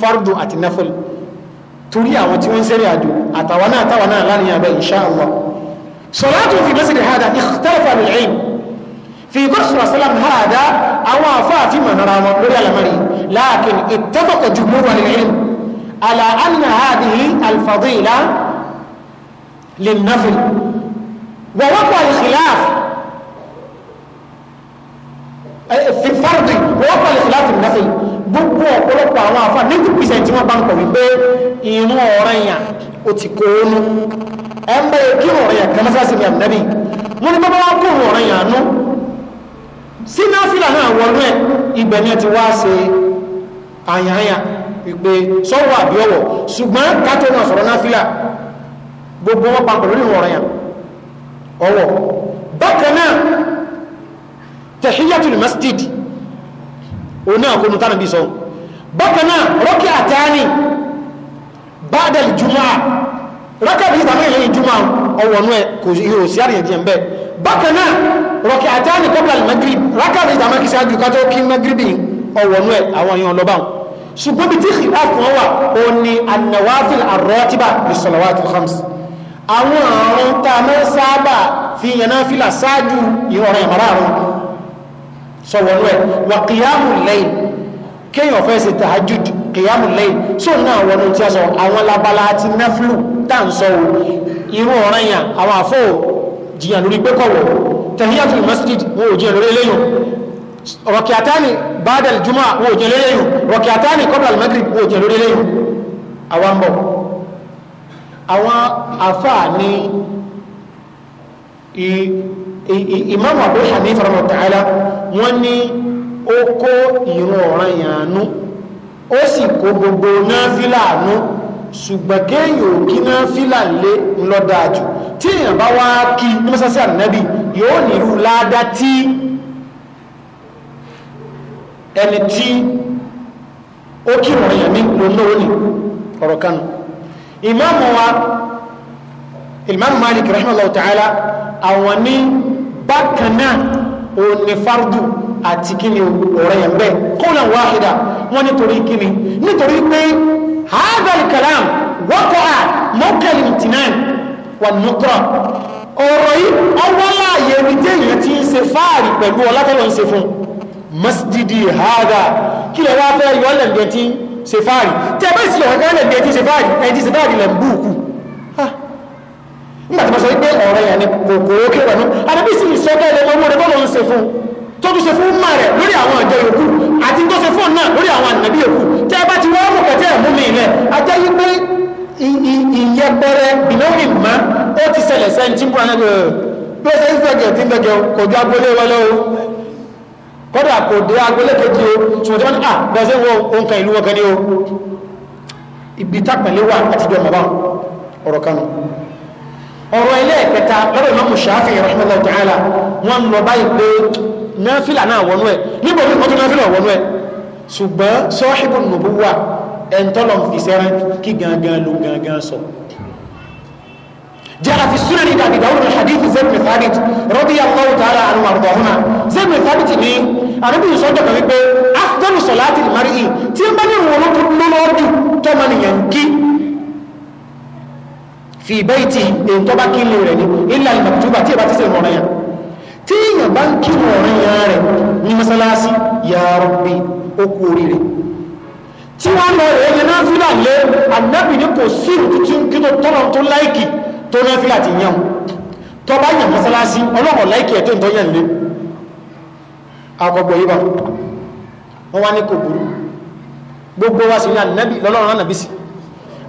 fardu àti náfìlà torí àwọn tí wọ́n ń sẹ́rẹ̀ àjò àtàwọn náà táwọn náà láàrin abẹ́ insha Allah salatu fi mẹ́sìdì hada ikhtalafa al-ilm fi qasr salam hada àwọn àfáàfin mọ̀nara wọn gbogbo ọ̀pọ̀lọpọ̀ àwọn àfà 90% tí wọ́n bá ń kọ̀ wípé ìrún ọ̀rẹ́ yàn ó ti kó ónú ẹgbẹ́ kí ọ̀rẹ́ yàn kan mọ́sáàsì ní àbúnábì wọ́n ní bọ́bá kó ọ̀rẹ́ yàn nú sí náfìlà náà wọnú ẹ̀ ibẹ̀ ni ti wá ṣe àyànyà wípé sọ́wọ́ àbí ọ̀wọ̀ ṣùgbọ́n kátó náà sọ̀rọ̀ náfìlà gbogbo wọn papọ̀ lórí ọ̀rẹ́ yàn ọ̀wọ̀ bákan náà tẹ̀híyàtùl masjid oní àkónú tánà bí sọ bákanáà rọ́kì àtàní bádẹ̀lì jùmọ́ rọ́kì àbí ìtàmì ìlú jùmọ́ ọwọ́nú ẹ kò yóò sí àríyànjẹ́ mbẹ́ bákanáà rọ́kì àtàní kọ́bla magrib rọ́kì àbí ìtàmì kìí sáájú kátó kí magrib ọwọ́nú ẹ àwọn èèyàn lọ́bà ṣùgbọ́n bí tí ìfún wà ó ní annawafil arọ́tíbà bí sọ̀lọ́wàtí khams àwọn àrùn tá a mọ́ sábà fi yànnáfìlà sáájú ìrọ̀rùn ìmọ̀ràn sọ̀wọ́nú ẹ̀ wà kìyàmù lẹ́yìn kéèyàn fẹ́ ṣe tahajjud kìyàmù lẹ́yìn sọ náà wọnú tí a sọ àwọn labala àti nẹ́fìlù tá à ń sọ o irú ọ̀ràn yà àwọn àfọ jìyàn lórí pé kọ̀wọ̀ tahiyatul masjid wọn ò jìyàn lórí eléyìn rọ̀kìátánì bádàl jùmọ̀ Imam Abu Hanifa rahmata'ala wọ́n ní ó kó ìrun ọ̀ràn ìyànú ó sì kó gbogbo náfílà àánú ṣùgbọ́n kéèyàn ò kí náfílà lé ńlọ́dáàjù tí èèyàn bá wá kí ní mọ́sásí yóò nílù ládá tí ẹni tí ó kí ìrun ìyànmí lónìí ní rahimahullah ta'ala àwọn ní bákan náà òun ni fardu àti kíni ọ̀rẹ́ yẹn bẹ́ẹ̀ qawlan wahida wọ́n nítorí kíni nítorí pé hadha al-kalam waqa'a mawqa al-imtinan wan-nutra ọ̀rọ̀ yìí ọwọ́ láàyè ní téèyàn ti ń ṣe fáàrí pẹ̀lú ọlátọ́lọ́ ń ṣe fún masjidi haga kí lẹ wá fẹ́ yọ lẹ́gbẹ̀ẹ́ tí ń fáàrí tẹ́ sí ọ̀gá lẹ́gbẹ̀ẹ́ tí ń fáàrí ẹ̀ ti ṣe fáàrí lẹ́gbẹ̀ẹ́ nígbàtí mo sọ wípé ọ̀rọ̀ yẹn ni kòkòrò kí wọnú àdébí sì sọ kẹ́lẹ̀ owó rẹ̀ bọ́lọ̀ ń ṣe fún tó tún ṣe fún mà rẹ̀ lórí àwọn ọjọ́ yòókù àti tó ṣe fún náà lórí àwọn ànàbí yòókù tẹ́ bá ti wọ́n mú kẹtẹ́ ẹ̀mú mi ilẹ̀ ajẹ́ wípé ìyẹpẹrẹ bìlóyìn má ó ti ṣẹlẹ̀ sẹ́ni tí ń búra náà bí ó ṣe ń fẹ́gẹ̀ tí ń fẹ́gẹ̀ kò ju agbolé wọlé o kódà kò dé agbolé kejì o ṣùgbọ́n tí wọ́n ní à bẹ́ẹ̀ sẹ́ wo òǹkà ìlú wọn kan ní o ibi tápẹ̀lẹ́ wà àtijọ́ mọ̀ bá ọ̀rọ̀ kanu ọ̀rọ̀ ẹlẹ́ẹ̀kẹta lọ́rọ̀ Imamu Shafi'i rahimahullah ta'ala wọ́n lọ báyìí pé náfìlà náà wọnú ẹ̀ níbo ní ọdún náfìlà wọnú ẹ̀ ṣùgbọ́n sọ́ọ́ṣìbù nùbúwà ẹ̀ńtọ́lọ̀ fi sẹ́rẹ́ kí gangan ló gangan sọ جاء في السنن لابي داود من الله تعالى عنه وارضاهما زيد بن ثابت ni ànábì sọ dọ̀ kan wípé afdalu salati al-mar'i tí fi bayti èyí tó bá kílè rẹ̀ ní ilà ìmọ̀túbà tí ìbá ti sì rọrọ̀ yẹn tí èèyàn bá ń kí rọrọ̀ yẹn rẹ̀ ní mọ́sálásí ya rabbi ó kú oríire tí wọ́n lọ rẹ̀ yẹn náà fílà lé ànábì ní kò sí ìtútù kí tó tọ́nà tó láìkì tó náà fílà ti yàn tó yàn mọ́sálásí ọlọ́run láìkì ẹ̀ tó yàn lé akọgbọ̀ yíba wọ́n wá ní kò burú gbogbo wa sí ní ànábì lọ́lọ́run ànábì sí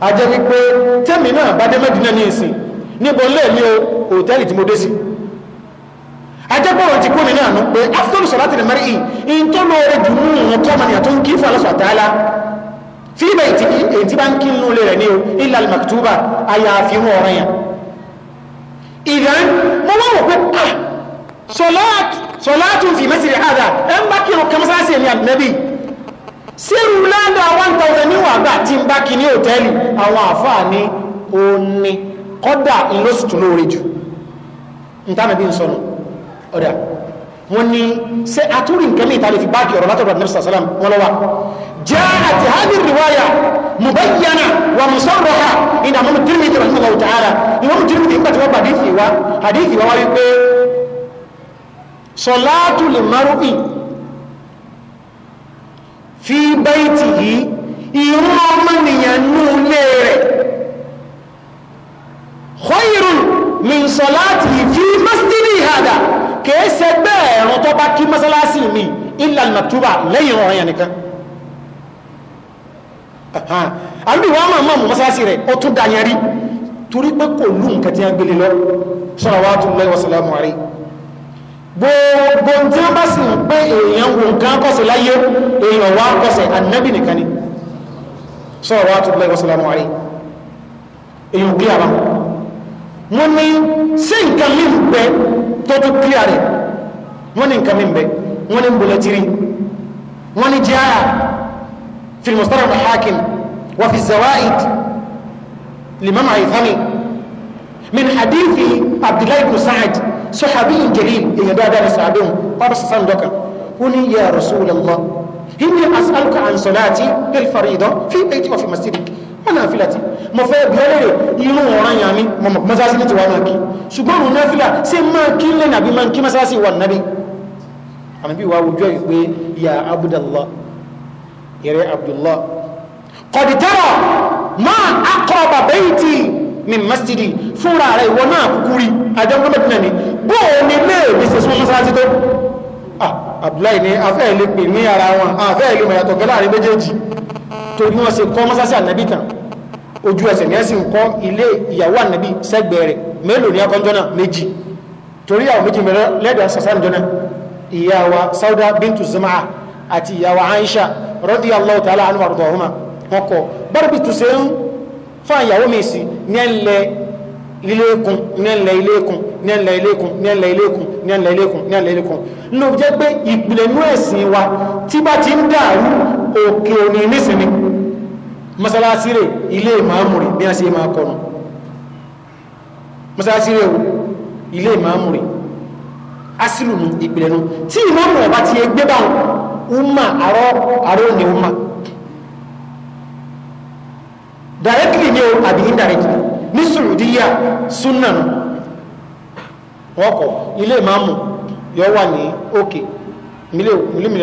a jẹ́ wípé tẹ́mi náà bá dé mẹ́dínà ní ìsìn níbo lè ní o hòtẹ́ẹ̀lì tí mo dé sí a jẹ́ bọ́rọ̀ ti kó ní náà nù pé afdọ́lù sọ̀rọ̀ láti lè mẹ́rin yìí in tó lóore jù mú ìwọ̀n tó mọ̀nìyàn tó ń kí fún ah, àtàlá sírù ládà 1000 ní wàgbà tí ń bá kìíní òtẹ́lì àwọn àfáà ní òní kọ́dà ìlọ́sùtù lóore jù ntánàbí ń sọnù ọ̀dà wọn ni ṣe àtúrì nkẹ́lì ìtàlẹ̀ fi báàkì ọ̀rọ̀ látọ̀dọ̀ nàbí sàlám wọn lọ́wọ́ jẹ́ àti hàbí rìwáyà mubayyana wa musarraha ina mọ́mú tìrìmìtì rẹ̀ nígbà òtà ara ni fi bẹ́ẹ̀tì yìí irú ọmọnìyàn nú ilé rẹ̀ khairun min salati fi masjidi hada kèése bẹ́ẹ̀ ẹ̀rùn tó bá kí mọ́sálásí mi illa al-maktuba lẹ́yìn ọ̀rọ̀ yẹn nìkan àbí wọ́n máa máa mú mọ́sálásí rẹ̀ tún dányẹrí torí pé kò lù nǹkan tí a gbélé lọ salawatullahi wa salamu alayhi gbogbo tí ó bá sì ń pé èèyàn wò nǹkan kọsẹ̀ láyé èèyàn wá kọsẹ̀ ànábì nìkan ni sọ̀rọ̀ wá tó lẹ́wọ́ sílámù ayé èèyàn kí ara wọ́n ní sí nǹkan mí ń bẹ tó tó kí ara wọ́n ní nǹkan mí ń bẹ wọ́n ní bùlẹ̀tìrì wọ́n ní jáà في المستدرك الحاكم وفي الزوائد لمام عيثمي من حديث عبد الله بن سعد sahabi jalil èèyàn dáadáa ní sàbẹ̀ òun wọ́n bá sàṣà ń dọ́kà ó ní ya Rasulullah inni as'aluka an salati lil farida fi bayti wa fi masjidika wọn náà fìlà tí mo fẹ́ bí ọlẹ́rẹ̀ inú ọ̀ràn yà mí mọ́sáàsì ní ti wà náà kí ṣùgbọ́n mo náà fìlà sí máa kí lẹ́ nàbí máa kí mọ́sáàsì wà nàbí ya abdullah ìrẹ́ abdullah kọ̀dìtọ́rọ̀ máa akọ̀ọ̀bà bayti min masjidi fúnra rẹ̀ ìwọ náà kúrí àjọpọ̀ mẹ́tìnà ni bóò ní léèrí ṣe súnmọ́ sáájú tó ah, Abdullahi ni afẹ́ ilé pè ní ara wọn afẹ́ ilé mẹ́yàtọ̀ gẹ́lá rí méjèèjì tó ní wọ́n ṣe kọ́ mọ́sáṣí ànábì tán ojú ẹsẹ̀ ní ẹ̀sìn kọ́ ilé ìyàwó ànábì sẹ́gbẹ̀ẹ́ rẹ̀ mélòó ní akọ́njọ́ náà méjì torí àwọn méjì mẹ́rẹ́ lẹ́dọ̀ fún àyàwó mi sí ní ẹ̀lẹ́ iléekun ní ẹ̀lẹ́ iléekun ní ẹ̀lẹ́ iléekun ní ẹ̀lẹ́ iléekun ní ẹ̀lẹ́ iléekun ní ẹ̀lẹ́ iléekun ló jẹ́ pé ìpìlẹ̀ inú ẹ̀sìn wa tí bá ti ń dàrú òkè òní nísìnyí mọ́sálásí rẹ̀ ilé ìmáàmù rẹ̀ bí wọ́n ṣe máa kọ̀nù mọ́sálásí rẹ̀ ilé ìmáàmù rẹ̀ asìlùmù tí ìmáàmù ọba ti gbé báwọn umma àrọ́ àrọ́ ni umma directly ni o àbí indirectly ní sùrùdíyà súnànù ọkọ̀ ilé ìmáàmù yọ wà ní òkè mílíọ̀nù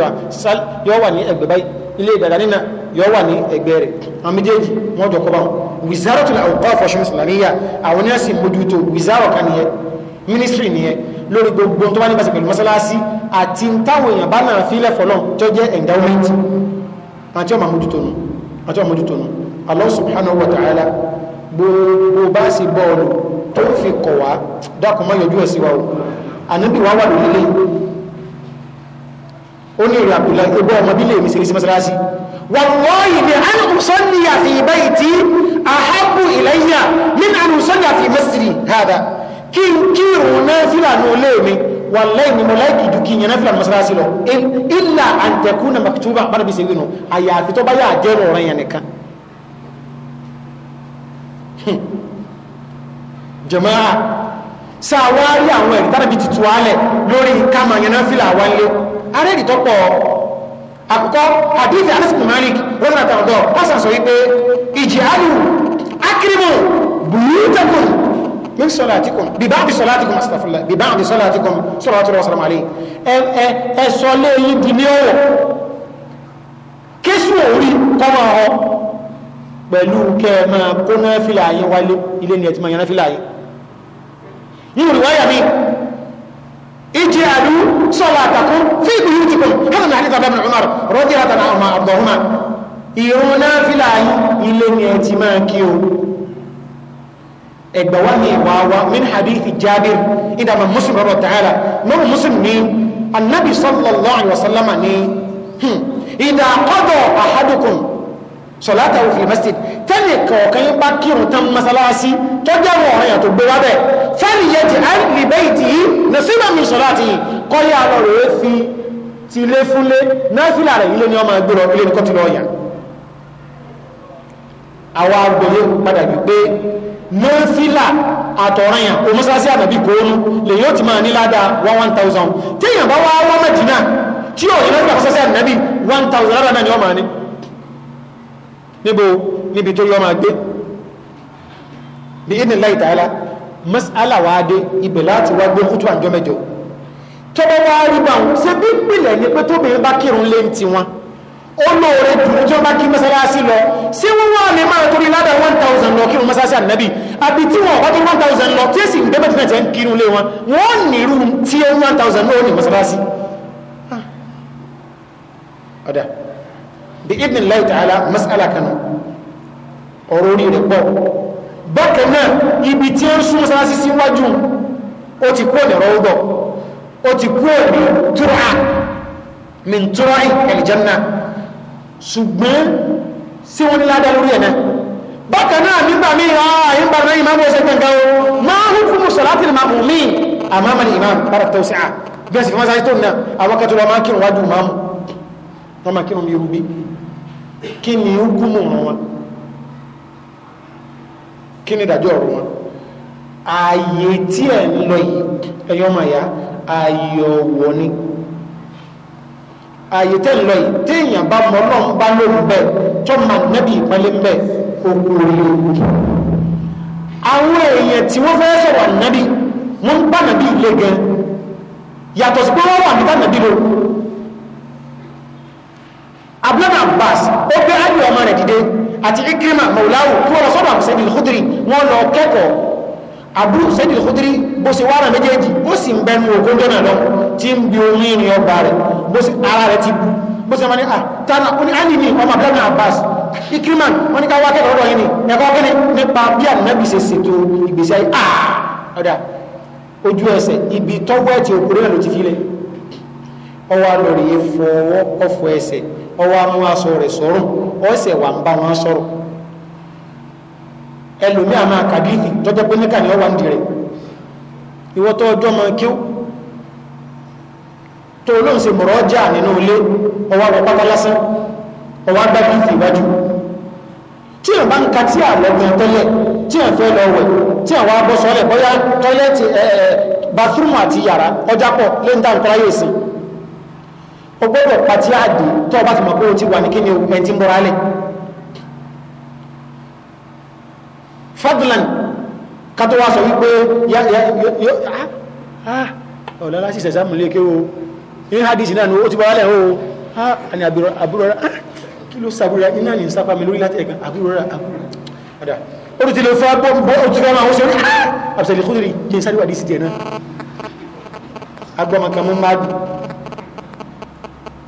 yọ wà ní ẹgbẹ̀ báyìí ilé ìdàdà nínà yọ wà ní ẹgbẹ̀ rẹ̀ àwọn méjèèjì wọ́n jọ kọba wizaratul awqaf wa shamsi laniya àwọn nẹ́ẹ̀sì mójútó wizaro kan nìyẹn ministry nìyẹn lórí gbogbo tó bá ní pàṣẹ pẹ̀lú mọ́sálásí àti táwọn èèyàn bá náà fílẹ̀ fọlọ́n tó jẹ́ endowment àti ọmọ mójútó nù Allah subhanahu wa ta'ala gbogbo bá sì bọ́ọ̀lù tó fi kọ̀ wá dákun má yọjú ẹ̀ sí wa o ànábì wá wà lórí ilé ó ní ìrìn àbúlá ẹgbẹ́ ọmọ bí lè mi ṣeré sí mọ́sálásí wallahi ni an usalliya fi bayti ahabbu ilayya min an usalliya fi masjidi hada kí n kírun náà fílà ní olé mi wallahi ni láìkì ju kí fílà mọ́sálásí lọ illa an takuna maktuba bára bí àyàfi tó bá yà jẹ́rọ̀ ọ̀rẹ́ nìkan jàmáà sáàwárí àwọn ẹ̀rí tàbí ti tu alẹ̀ lórí kama yẹn náà fìlà wá lé arẹ́rì tó pọ̀ àkọ́kọ́ hadith Anas bin Malik rọ́sà tàbọ̀dọ̀ pásà sọ wípé ìjì alù akérèmọ̀ bùrúdàkùn min salatikum bi ba'di salatikum astaghfirullah bi ba'di salatikum salawatu wa salam alayhi ẹ ẹ ẹ sọ pẹ̀lú kẹ́ máa kó náà fìlà ayé wálé ilé ni ẹ̀ tí ma yànà fìlà ayé ní ìrìwáyà mi ìjì àdú sọ́lá àtàkún fi ìbí yìí ti pẹ̀lú hẹ́nà náà nígbà bẹ́ẹ̀ Umar rọ́jì rátà náà ọmọ àbọ̀húnmá ìrún náà fìlà ayé ilé ni ẹ̀ tí máa kí o ẹgbà wá ní ìwà wa min sọ̀látà òfin masjid tẹ́lẹ̀ kọ̀ọ̀kan yípa kírun tán masalasi tó jẹ́wọ̀ ọ̀rẹ́yàn tó gbé wábẹ̀ fẹ́lì yẹ ti àìlì bẹ́ẹ̀ tí yí ní sínú mi sọ̀láti yìí kọ́ yá lọ rẹ̀ fi ti lé fúnlé náfìlà rẹ̀ ilé ni ọmọ ẹgbẹ́ lọ ilé ni kọ́ ti lọ yà àwọn agbòye padà wípé náfìlà àtọ̀rẹ́yàn kò masalasi àtàbí kóónú níbo níbi tó yọ máa gbé bí ìdí láì tààlà masala wa dé ibẹ̀ láti wá gbé kútu àjọ mẹ́jọ tọ́bọ̀ wá rí bá wọn ṣe bí pìlẹ̀ ni pé tóbìnrin bá kírun lé ti wọn ó lóore dùn tí wọ́n bá kí mọ́sálásí lọ sí wọ́n wà ní máa torí ládà 1000 lọ kírun mọ́sálásí ànábì àbí tí wọ́n ọdún 1000 lọ tí èsì ìdẹ́bẹ̀tì náà ti ń kírun lé wọn wọ́n nírú tí ó 1000 lọ ní mọ́sálásí ah. ọ̀dà bí ibn láì tààlà masala kan ọ̀rọ̀ orí rẹ̀ pọ̀ bákan náà ibi tí ó ń sún sáásí síwájú ó ti kú ọ̀nà rọ́ọ̀dọ̀ ó ti kú ọ̀nà túrà min túrà ẹ̀lìjánná ṣùgbọ́n sí wọn ní ládá lórí ẹ̀ náà bákan náà nígbà míì ààyè ah, ń bá náà ìmáàmù ọ̀sẹ̀ gbẹ̀ngàn o máa ń kú bára tẹ̀wọ̀sẹ̀ kí ni ó gúnmù wọn kí ni ìdájọ́ ọ̀rọ̀ wọn ààyè tí ẹ̀ ń lọ yìí ẹ̀yọ́ máa yá ààyè ni ààyè tẹ́ ń lọ yìí téèyàn bá mọ ọlọ́run bá lóru bẹ́ẹ̀ tó máa nẹ́bí ìpínlẹ̀ okú wọ́n fẹ́ sọ̀rọ̀ wọ́n ń yàtọ̀ sí pé wọ́n abúlọ́nà abbas ó gbé ábí ọmọ rẹ̀ dìde àti ikrima maulahu tí wọ́n lọ sọ́dọ̀ àbúsẹ́dìl khudri wọ́n lọ kẹ́kọ̀ọ́ àbúsẹ́dìl khudri bó ṣe wára méjèèjì ó sì ń bẹnu ògùn dọ́nà lọ tí ń bi omi ìrìn ọgbà rẹ̀ ara rẹ̀ ti bu bó ṣe máa ní ó ní ánìní ọmọ abúlọ́nà abbas ikrima wọ́n ní ká kẹ́kọ̀ọ́ lọ́dọ̀ ni ẹ̀kọ́ kẹ́ni nípa bí ànábì ṣe ṣètò ìgbésí ayé ọ̀dà ojú ẹsẹ̀ ibi ọwọ́ lórí fọwọ́ ọfọ ẹsẹ̀ ọwọ́ amú aṣọ rẹ̀ sọ̀rọ̀ ọ̀sẹ̀ wà ń bá wọn sọ̀rọ̀ ẹlòmí àmà kàdífì tọ́jọ́ pé níkà ní ọwà ń dirẹ̀ ìwọ́tọ́ ọjọ́ mọ kí ó tó olóhùn sí mọ̀rọ̀ ọjà nínú ilé ọwọ́ bá o gbọ́dọ̀ pàtí àdì tó o bá ti mọ̀ pé o ti wà ní kíni ẹni tí ń bọ́ra lẹ̀ fadlan kátó wá sọ wípé yá yá yó ah, ah, ọ̀lọ́lá sì sẹ̀sá mú léèké o ní hadisi náà ó ti bọ́ra lẹ̀ o ah, ní àbúrò rẹ̀ kí ló sàbúrò rẹ̀ iná ní sápá mi lórí láti ẹ̀kan àbúrò rẹ̀ àbúrò rẹ̀ ó ti lè fọ́ bọ́ ó ti fẹ́ máa ó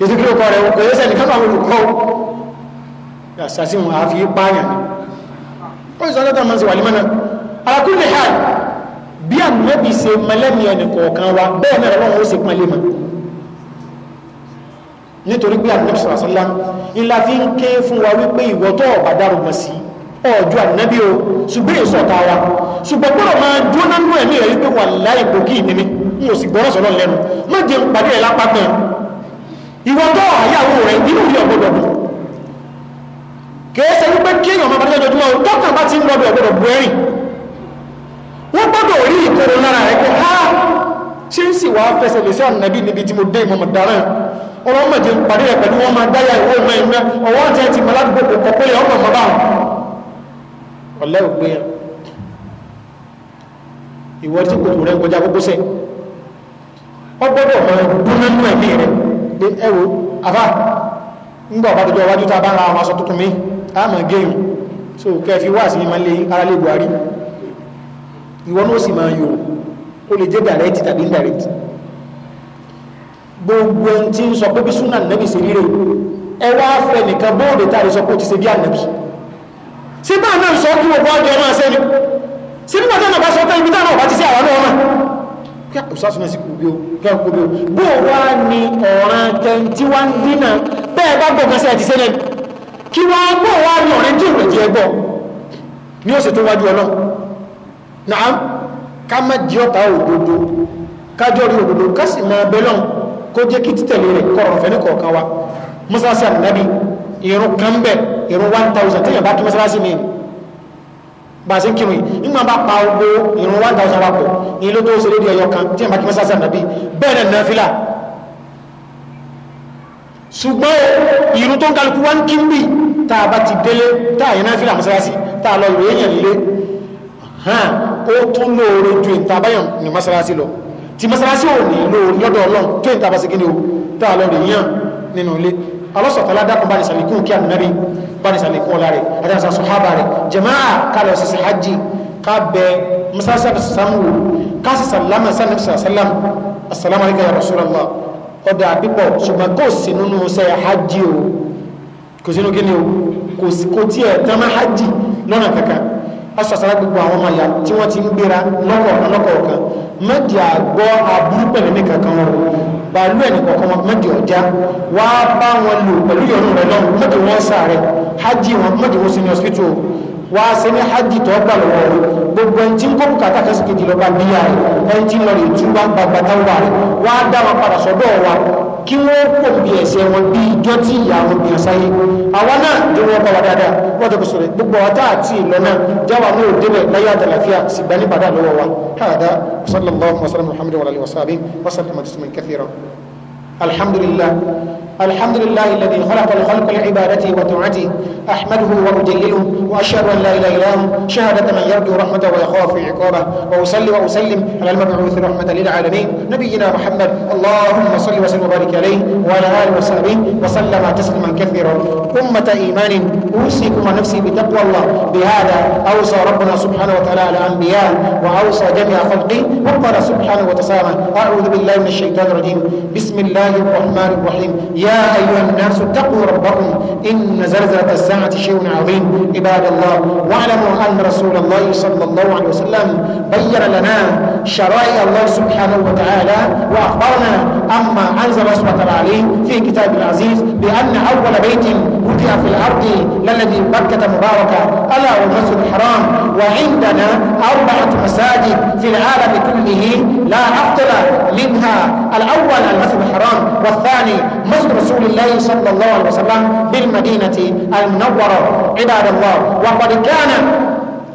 èsì kí ló kọ rẹ̀ kò yẹ́sẹ̀ nìkan àwọn olùkọ́ ṣàṣìwọ̀n àfi pààyàn ó sì sọ́dọ́ta ma ń se wà límọ́nà alákùnlé ha bí ànábì ṣe mẹlẹ́mì ẹnì wa bẹ́ẹ̀ náà lọ́wọ́ ó sì pọn lé mọ́ nítorí pé ànábì sọ̀rọ̀ sọ́lá ńlá fi ń ké fún wa wípé ìwọ tó ọ̀bà dárúgbọ̀n sí wa ṣùgbọ́n gbọ́dọ̀ máa dúró nánú ẹ̀mí rẹ̀ wípé wà láì pàdé ẹ̀ lápá ìwọ́tọ́ àyàwó rẹ̀ inú ilé ọ̀gbọ́dọ̀ bí kèése wípé kí èèyàn máa bá lọ́jọ́júmọ́ tọ́kà bá ti ń lọ́dọ̀ ọ̀gbọ́dọ̀ bu ẹ̀rìn wọ́n gbọ́dọ̀ rí ìkoro lára rẹ̀ pé ha ṣé ń sì wàá fẹsẹ̀ lè sí ànàbí níbi tí mo dé ìmọ̀ mọ̀dáràn ọ̀rọ̀ mọ̀jẹ̀ ń parí rẹ̀ pẹ̀lú wọn máa dáyà ìwé ìmọ̀ ìmọ̀ ọwọ́ àti ẹ̀tì mọ̀ láti gbogbo kọ̀ pélé ọmọ mọ̀ bá wọn. ọ̀lẹ́ òpé yẹn ìwọ tí kòtò rẹ̀ kọjá gbogbo sẹ́ ọ gbọ́dọ̀ máa dúná nínú ẹ̀mí rẹ̀ pé ẹwọ afá ńgbà ọ̀pàdójọ́ iwájú tá a bá ń ra àwọn aṣọ tuntun mi a mọ̀ géèyàn so kẹfì wá sí ìmọ̀lẹ́ ara lè buhari ìwọ náà sì máa yòó ó lè jẹ́ direct tàbí indirect gbogbo ẹni tí ń sọ pé bí súnà nàbì ṣe rí rè ẹ wá fẹ́ nìkan bóòdè tá a lè sọ pé ó ti se bí ànàbì síbà náà sọ kí gbogbo ọjọ́ máa ṣe ni síbà náà bá sọ pé ibi táwọn ọba ti ṣe àwọn kí àkùsásùn náà sí kò bí o kí àkùkò bí o bó o wá ní ọ̀ràn tẹ̀ǹtì wá ń dínà bẹ́ẹ̀ bá gbọ̀ kẹsẹ̀ àti sẹ́lẹ̀ kí wọ́n bó o wá ní ọ̀rẹ́ tí ò lè jẹ́ gbọ́ ní ọ̀sẹ̀ tó wájú ọlọ́ nàám ká má jí ọ̀tá òdodo kájọ́ rí òdodo ká sì máa bẹ́ lọ́n kó jẹ́ kí títẹ̀lé rẹ̀ kọ̀rọ̀ fẹ́ ní kọ̀ọ̀kan wa mọ́sálásí àdínábì ìrún kan bẹ̀ ìrún one thousand téèyàn bá kí mọ́sálásí mi bàṣẹ kírun yìí nígbà bá pa ogbó ìrún one thousand wapọ̀ ní ilé tó ṣe lédi ẹyọ kan tí ẹ̀ máa kí mẹ́sàsà nàbí bẹ́ẹ̀ náà nàfílà ṣùgbọ́n ìrún tó ń kálukú wá ń kí ń bì tá a bá ti délé tá a yẹn nàfílà mọ́sálásí tá a lọ ìwé yẹn lé ó tún lóore ju ni o tá a lọ rèéyàn nínú ilé alọ́sọ̀tàlá dákun bá ní sàlékún kí ànàrí jama'a kalọ̀ sí hajji ká bẹ musasar samu ká sì sàlámà sí ànábì sàlám assalamu alaikum ya rasulallah ọ̀dà àbípọ̀ ṣùgbọ́n kò sí nínú sẹ́ hajji o kò sínú kí ni o kò tí ẹ̀ tán máa hajji lọ́nà kankan asọ̀sára gbogbo àwọn ọmọ ìyá tí wọ́n ti ń gbéra lọ́kọ̀ọ̀kan lọ́kọ̀ọ̀kan mẹ́jì àgbọ́ àbúrú pẹ̀lú ní kankan wọn bàálù ẹ̀nì kọ̀ọ̀kan wọn mẹ́jì ọ̀já wá bá wọn lò pẹ̀lú ìyọ̀nù rẹ̀ lọ́wọ́ mẹ́jì wọn sàárẹ̀ hajj wọn mẹ́jì wọn sí ní ọ̀sìpítù wá sí ní hajj tó gbà lọ́wọ́ gbogbo ẹni tí ń kó bùkátà kẹsì kejì lọ́ba bíyà rẹ̀ ẹni tí ń lọ rè túbà gbàgbà táwà rẹ̀ wá dá wọn padà sọ́dọ̀ wa kí wọ́n pò bí ẹ̀sẹ̀ wọn bí ijọ́ tí ìyá wọn bí ọ̀sáyé àwa náà tó wọ́n bá wa dáadáa wọ́n tó kò sọ̀rọ̀ gbogbo ọ̀tá àti ìlọ́nà jáwà ní òdebẹ̀ láyé àtàlàfíà sì gbà ní bàdá lọ́wọ́ wa. hàdá sallallahu alaihi wa muhammadu wa alihi wa wa sallam ajismin kathira الحمد لله الحمد لله الذي خلق الخلق لعبادته وطاعته أحمده وأجلله وأشهد أن لا إله إلا هو شهادة من يرجو رحمته ويخاف عقابه وأصلي وأسلم على المبعوث رحمة للعالمين نبينا محمد اللهم صل وسلم وبارك عليه وعلى آله وصحبه وسلم تسليما كثيرا أمة إيمان أوصيكم ونفسي بتقوى الله بهذا أوصى ربنا سبحانه وتعالى على الأنبياء وأوصى جميع خلقه وقال سبحانه وتعالى أعوذ بالله من الشيطان الرجيم بسم الله الله الرحمن الرحيم يا أيها الناس اتقوا ربكم إن زلزلة الساعة شيء عظيم عباد الله واعلموا أن رسول الله صلى الله عليه وسلم بين لنا شرائع الله سبحانه وتعالى وأخبرنا أما أنزل الله سبحانه وتعالى عليه في كتاب العزيز بأن أول بيت وجع في الأرض للذي بكت مباركة ألا والمسجد الحرام وعندنا أربعة مساجد في العالم كله لا أفضل منها الأول المسجد الحرام والثاني مسجد رسول الله صلى الله عليه وسلم بالمدينة المنورة عباد الله وقد كان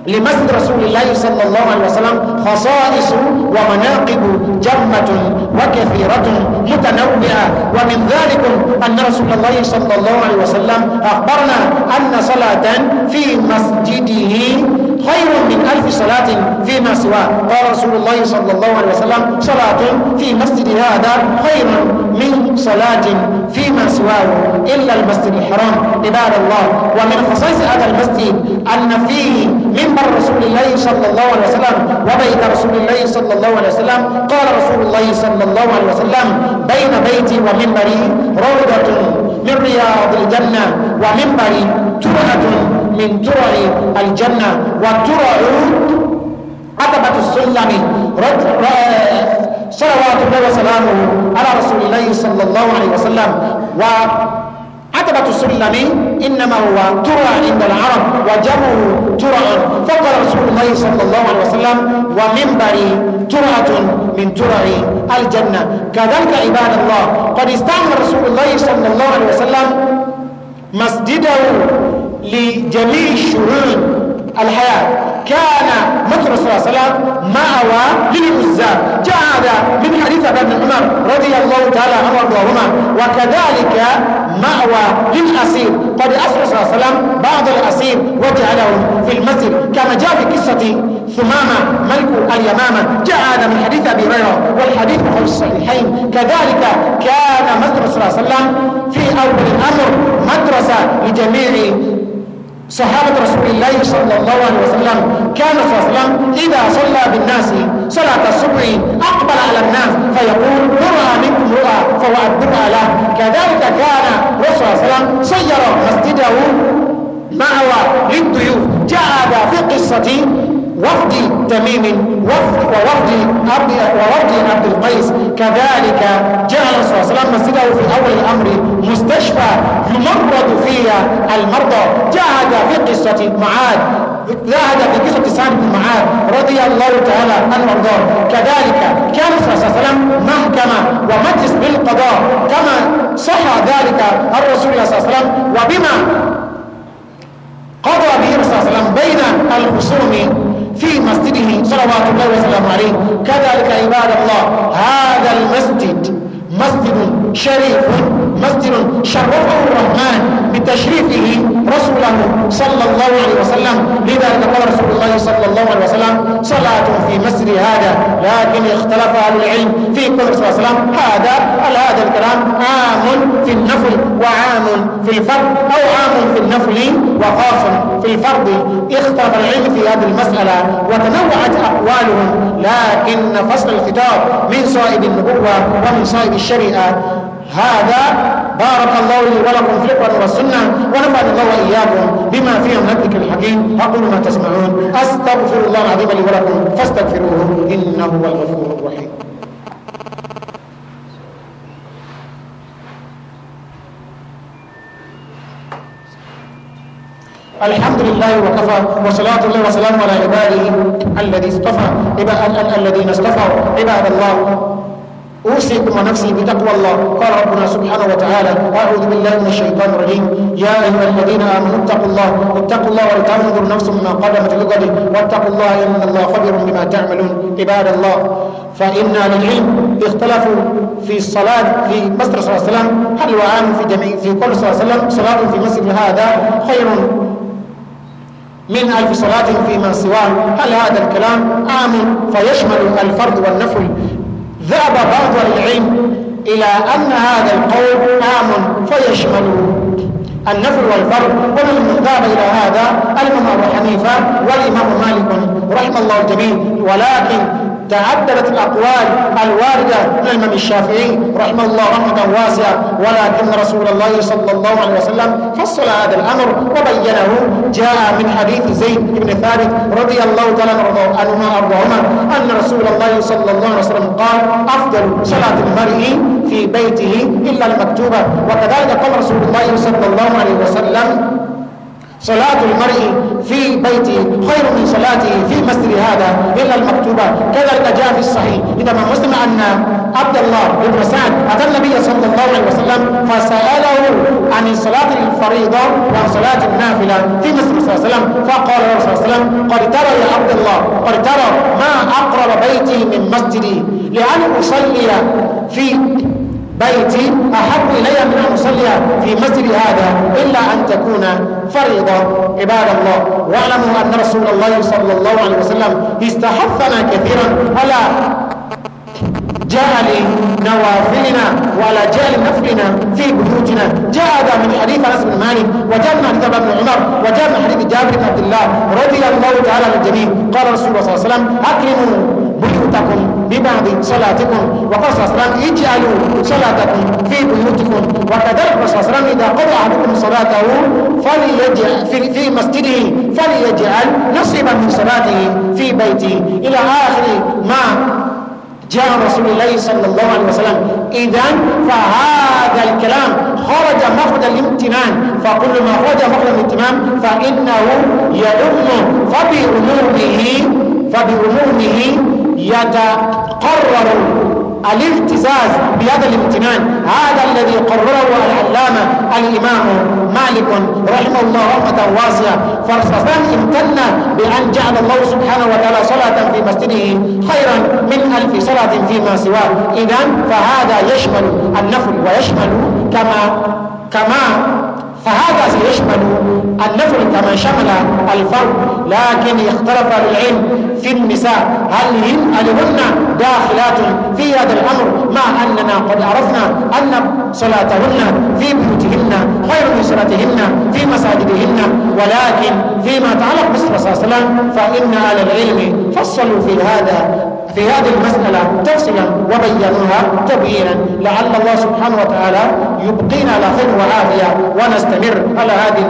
لمسجد رسول الله صلى الله عليه وسلم خصائص ومناقب جمة وكثيرة متنوعة ومن ذلك أن رسول الله صلى الله عليه وسلم أخبرنا أن صلاة في مسجده خير من ألف صلاة فيما سواه قال رسول الله صلى الله عليه وسلم صلاة في مسجد هذا خير من صلاة فيما سواه إلا المسجد الحرام عباد الله ومن خصائص هذا المسجد أن فيه منبر رسول الله صلى الله عليه وسلم وبيت رسول الله صلى الله عليه وسلم قال رسول الله صلى الله عليه وسلم بين بيتي ومنبري روضة من رياض الجنة ومنبري ترعة من ترع الجنة وترع عتبة السلم صلوات الله وسلامه على رسول الله صلى الله عليه وسلم وعتبة السلم إنما هو ترع عند العرب وجمه ترعا فقال رسول الله صلى الله عليه وسلم ومنبري ترعة من ترع الجنة كذلك عباد الله قد استعمل رسول الله صلى الله عليه وسلم مسجده لجميع شؤون الحياة كان مكر صلى الله عليه وسلم مأوى للعزاب جاء هذا من حديث ابن عمر رضي الله تعالى عنه وارضاهما وكذلك مأوى للأسير قد أسر صلى الله عليه وسلم بعض الأسير وجعلهم في المسجد كما جاء في قصة ثمامة ملك اليمامة جاء هذا من حديث أبي هريرة والحديث في الصحيحين كذلك كان مدرسة صلى الله عليه وسلم في أول الأمر مدرسة لجميع صحابة رسول الله صلى الله عليه وسلم كان صلى الله عليه وسلم إذا صلى بالناس صلاة الصبح أقبل على الناس فيقول رؤى منكم رؤى فوأدبها له كذلك كان رسول الله صلى الله عليه وسلم صير مسجده مأوى للضيوف جاء في قصة وفد تميم وفد ووفد ووفد عبد القيس كذلك جعل صلى الله عليه وسلم مسجده في اول الامر مستشفى يمرض فيها المرضى جاهد في قصه معاد ذهب في قصة سعد بن معاذ رضي الله تعالى عنه وارضاه كذلك كان صلى الله عليه وسلم محكمة ومجلس بالقضاء كما صح ذلك الرسول صلى الله عليه وسلم وبما قضى به صلى الله عليه وسلم بين الخصوم في مسجده صلوات الله وسلامه عليه كذلك عباد الله هذا المسجد مسجد شريف مسجد شرفه الرحمن بتشريفه رسوله صلى الله عليه وسلم لذلك قال رسول الله صلى الله عليه وسلم صلاة في مسجد هذا لكن اختلف أهل العلم في قول صلى الله عليه وسلم هذا هذا الكلام عام في النفل وعام في الفرد أو عام في النفل وخاص في الفرد اختلف العلم في هذه المسألة وتنوعت أقوالهم لكن فصل الخطاب من صائد النبوة ومن صائد الشريعة هذا بارك الله لي ولكم في القرآن والسنة ونفعني الله وإياكم بما فيه من الذكر الحكيم أقول ما تسمعون أستغفر الله العظيم لي ولكم فاستغفروه إنه هو الغفور الرحيم الحمد لله وكفى وصلاة الله وسلامه على عباده الذي اصطفى الذين اصطفوا عباد الله أوصيكم ونفسي بتقوى الله قال ربنا سبحانه وتعالى أعوذ بالله من الشيطان الرجيم يا أيها الذين آمنوا اتقوا الله اتقوا الله ولتنظر نفس ما قدمت لغد واتقوا الله إن الله خبير بما تعملون عباد الله فإن العلم اختلفوا في الصلاة في مصر صلى الله عليه وسلم هل وعام في جميع في كل صلى الله عليه وسلم صلاة في مسجد هذا خير من ألف صلاة فيما سواه هل هذا الكلام عام فيشمل الفرد والنفل ذهب بعض العلم إلى أن هذا القول عام فيشمل النفع والفرد ومن ذهب إلى هذا الإمام أبو حنيفة والإمام مالك رحمه الله الجميع ولكن تعددت الأقوال الواردة من الإمام الشافعي رحمه الله رحمة واسعة ولكن رسول الله صلى الله عليه وسلم فصل هذا الأمر وبينه جاء من حديث زيد بن ثابت رضي الله تعالى عنهما أرضهما أن رسول الله صلى الله عليه وسلم قال أفضل صلاة المرء في بيته إلا المكتوبة وكذلك قال رسول الله صلى الله عليه وسلم صلاة المرء في بيته خير من صلاته في مسجد هذا إلا المكتوبة كذا جاء في الصحيح إذا ما مسلم أن عبد الله بن سعد أتى النبي صلى الله عليه وسلم فسأله عن صلاة الفريضة وعن صلاة النافلة في مسجد صلى الله عليه وسلم فقال له صلى الله عليه وسلم قد ترى يا عبد الله قد ترى ما أقرب بيتي من مسجدي لأن أصلي في بيتي أحب إلي من أن أصلي في مسجد هذا إلا أن تكون فريضة عباد الله واعلموا أن رسول الله صلى الله عليه وسلم استحثنا كثيرا على جعل نوافلنا وعلى جعل نفلنا في بيوتنا جاء هذا من حديث انس بن مالك وجاء من حديث ابن عمر وجاء من حديث جابر بن عبد الله رضي الله تعالى عن الجميع قال رسول الله صلى الله عليه وسلم اكرموا بيوتكم ببعض صلاتكم وقال صلى الله عليه وسلم اجعلوا صلاتكم في بيوتكم وكذلك صلى الله عليه إذا قضى أحدكم صلاته فليجعل في, في مسجده فليجعل نصبا من صلاته في بيته إلى آخر ما جاء رسول الله صلى الله عليه وسلم إذا فهذا الكلام خرج مخرج الامتنان فكل ما خرج مخرج الامتنان فإنه يؤم فبأمومه فبأمومه يتقرر الابتزاز بهذا الامتنان هذا الذي قرره العلامة الإمام مالك رحمه الله رحمة واسعة فالصفان امتن بأن جعل الله سبحانه وتعالى صلاة في مسجده خيرا من ألف صلاة فيما سواه إذا فهذا يشمل النفل ويشمل كما كما فهذا سيشمل النفل كما شمل الفرد لكن اختلف العلم في النساء هل هن لهن داخلات في هذا الأمر مع أننا قد عرفنا أن صلاتهن في بيوتهن غير من صلاتهن في مساجدهن ولكن فيما يتعلق بالرسول صلى الله عليه وسلم فإن أهل العلم فصلوا في هذا في هذه المسألة تفصيلا وبينوها تبيينا لعل الله سبحانه وتعالى يبقينا على خير وعافية ونستمر على هذه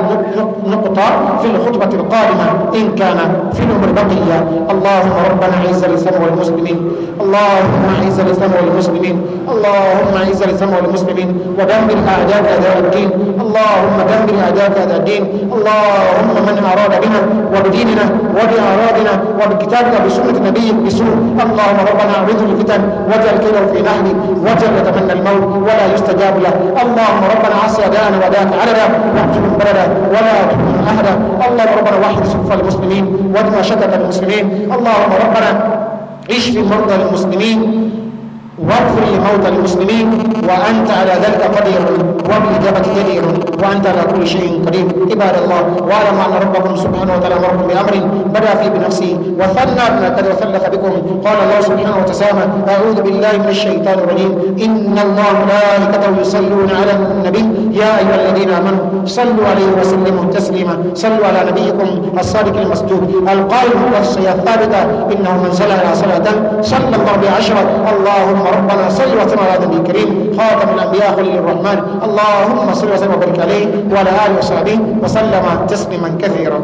النقطة في الخطبة القادمة إن كان في الأمر بقية اللهم ربنا عز الإسلام والمسلمين اللهم عز الإسلام والمسلمين اللهم عز الإسلام والمسلمين ودمر أعداءك أداء الدين اللهم دمر أعداءك أداء الدين اللهم من أراد بنا وبديننا وبأرادنا وبكتابنا بسنة نبيك بسوء اللهم ربنا أعوذ الفتن وجل كيله في نحن وجل يتمنى الموت ولا يستجاب له اللهم ربنا عسى دانا ودان عددا واحجم بردا ولا تكون أهدا اللهم ربنا وحد صف المسلمين وادمى شتت المسلمين اللهم ربنا اشف مرضى المسلمين واغفر لموتى المسلمين وأنت على ذلك قدير وبالإجابة جدير وأنت على كل شيء قدير عباد الله واعلم أن ربكم سبحانه وتعالى أمركم بأمر بدأ فيه بنفسه وثنى قد وثلث بكم قال الله سبحانه وتسامى أعوذ بالله من الشيطان الرجيم إن الله ملائكته يصلون على النبي يا أيها الذين آمنوا صلوا عليه وسلموا تسليما صلوا على نبيكم الصادق المصدوق القائم والصية الثابتة إنه من صلى على صلاة صلى الله بعشرة اللهم اللهم ربنا صل وسلم على النبي الكريم خاتم الانبياء خليل الرحمن اللهم صل وسلم وبارك عليه وعلى اله وصحبه وسلم تسليما كثيرا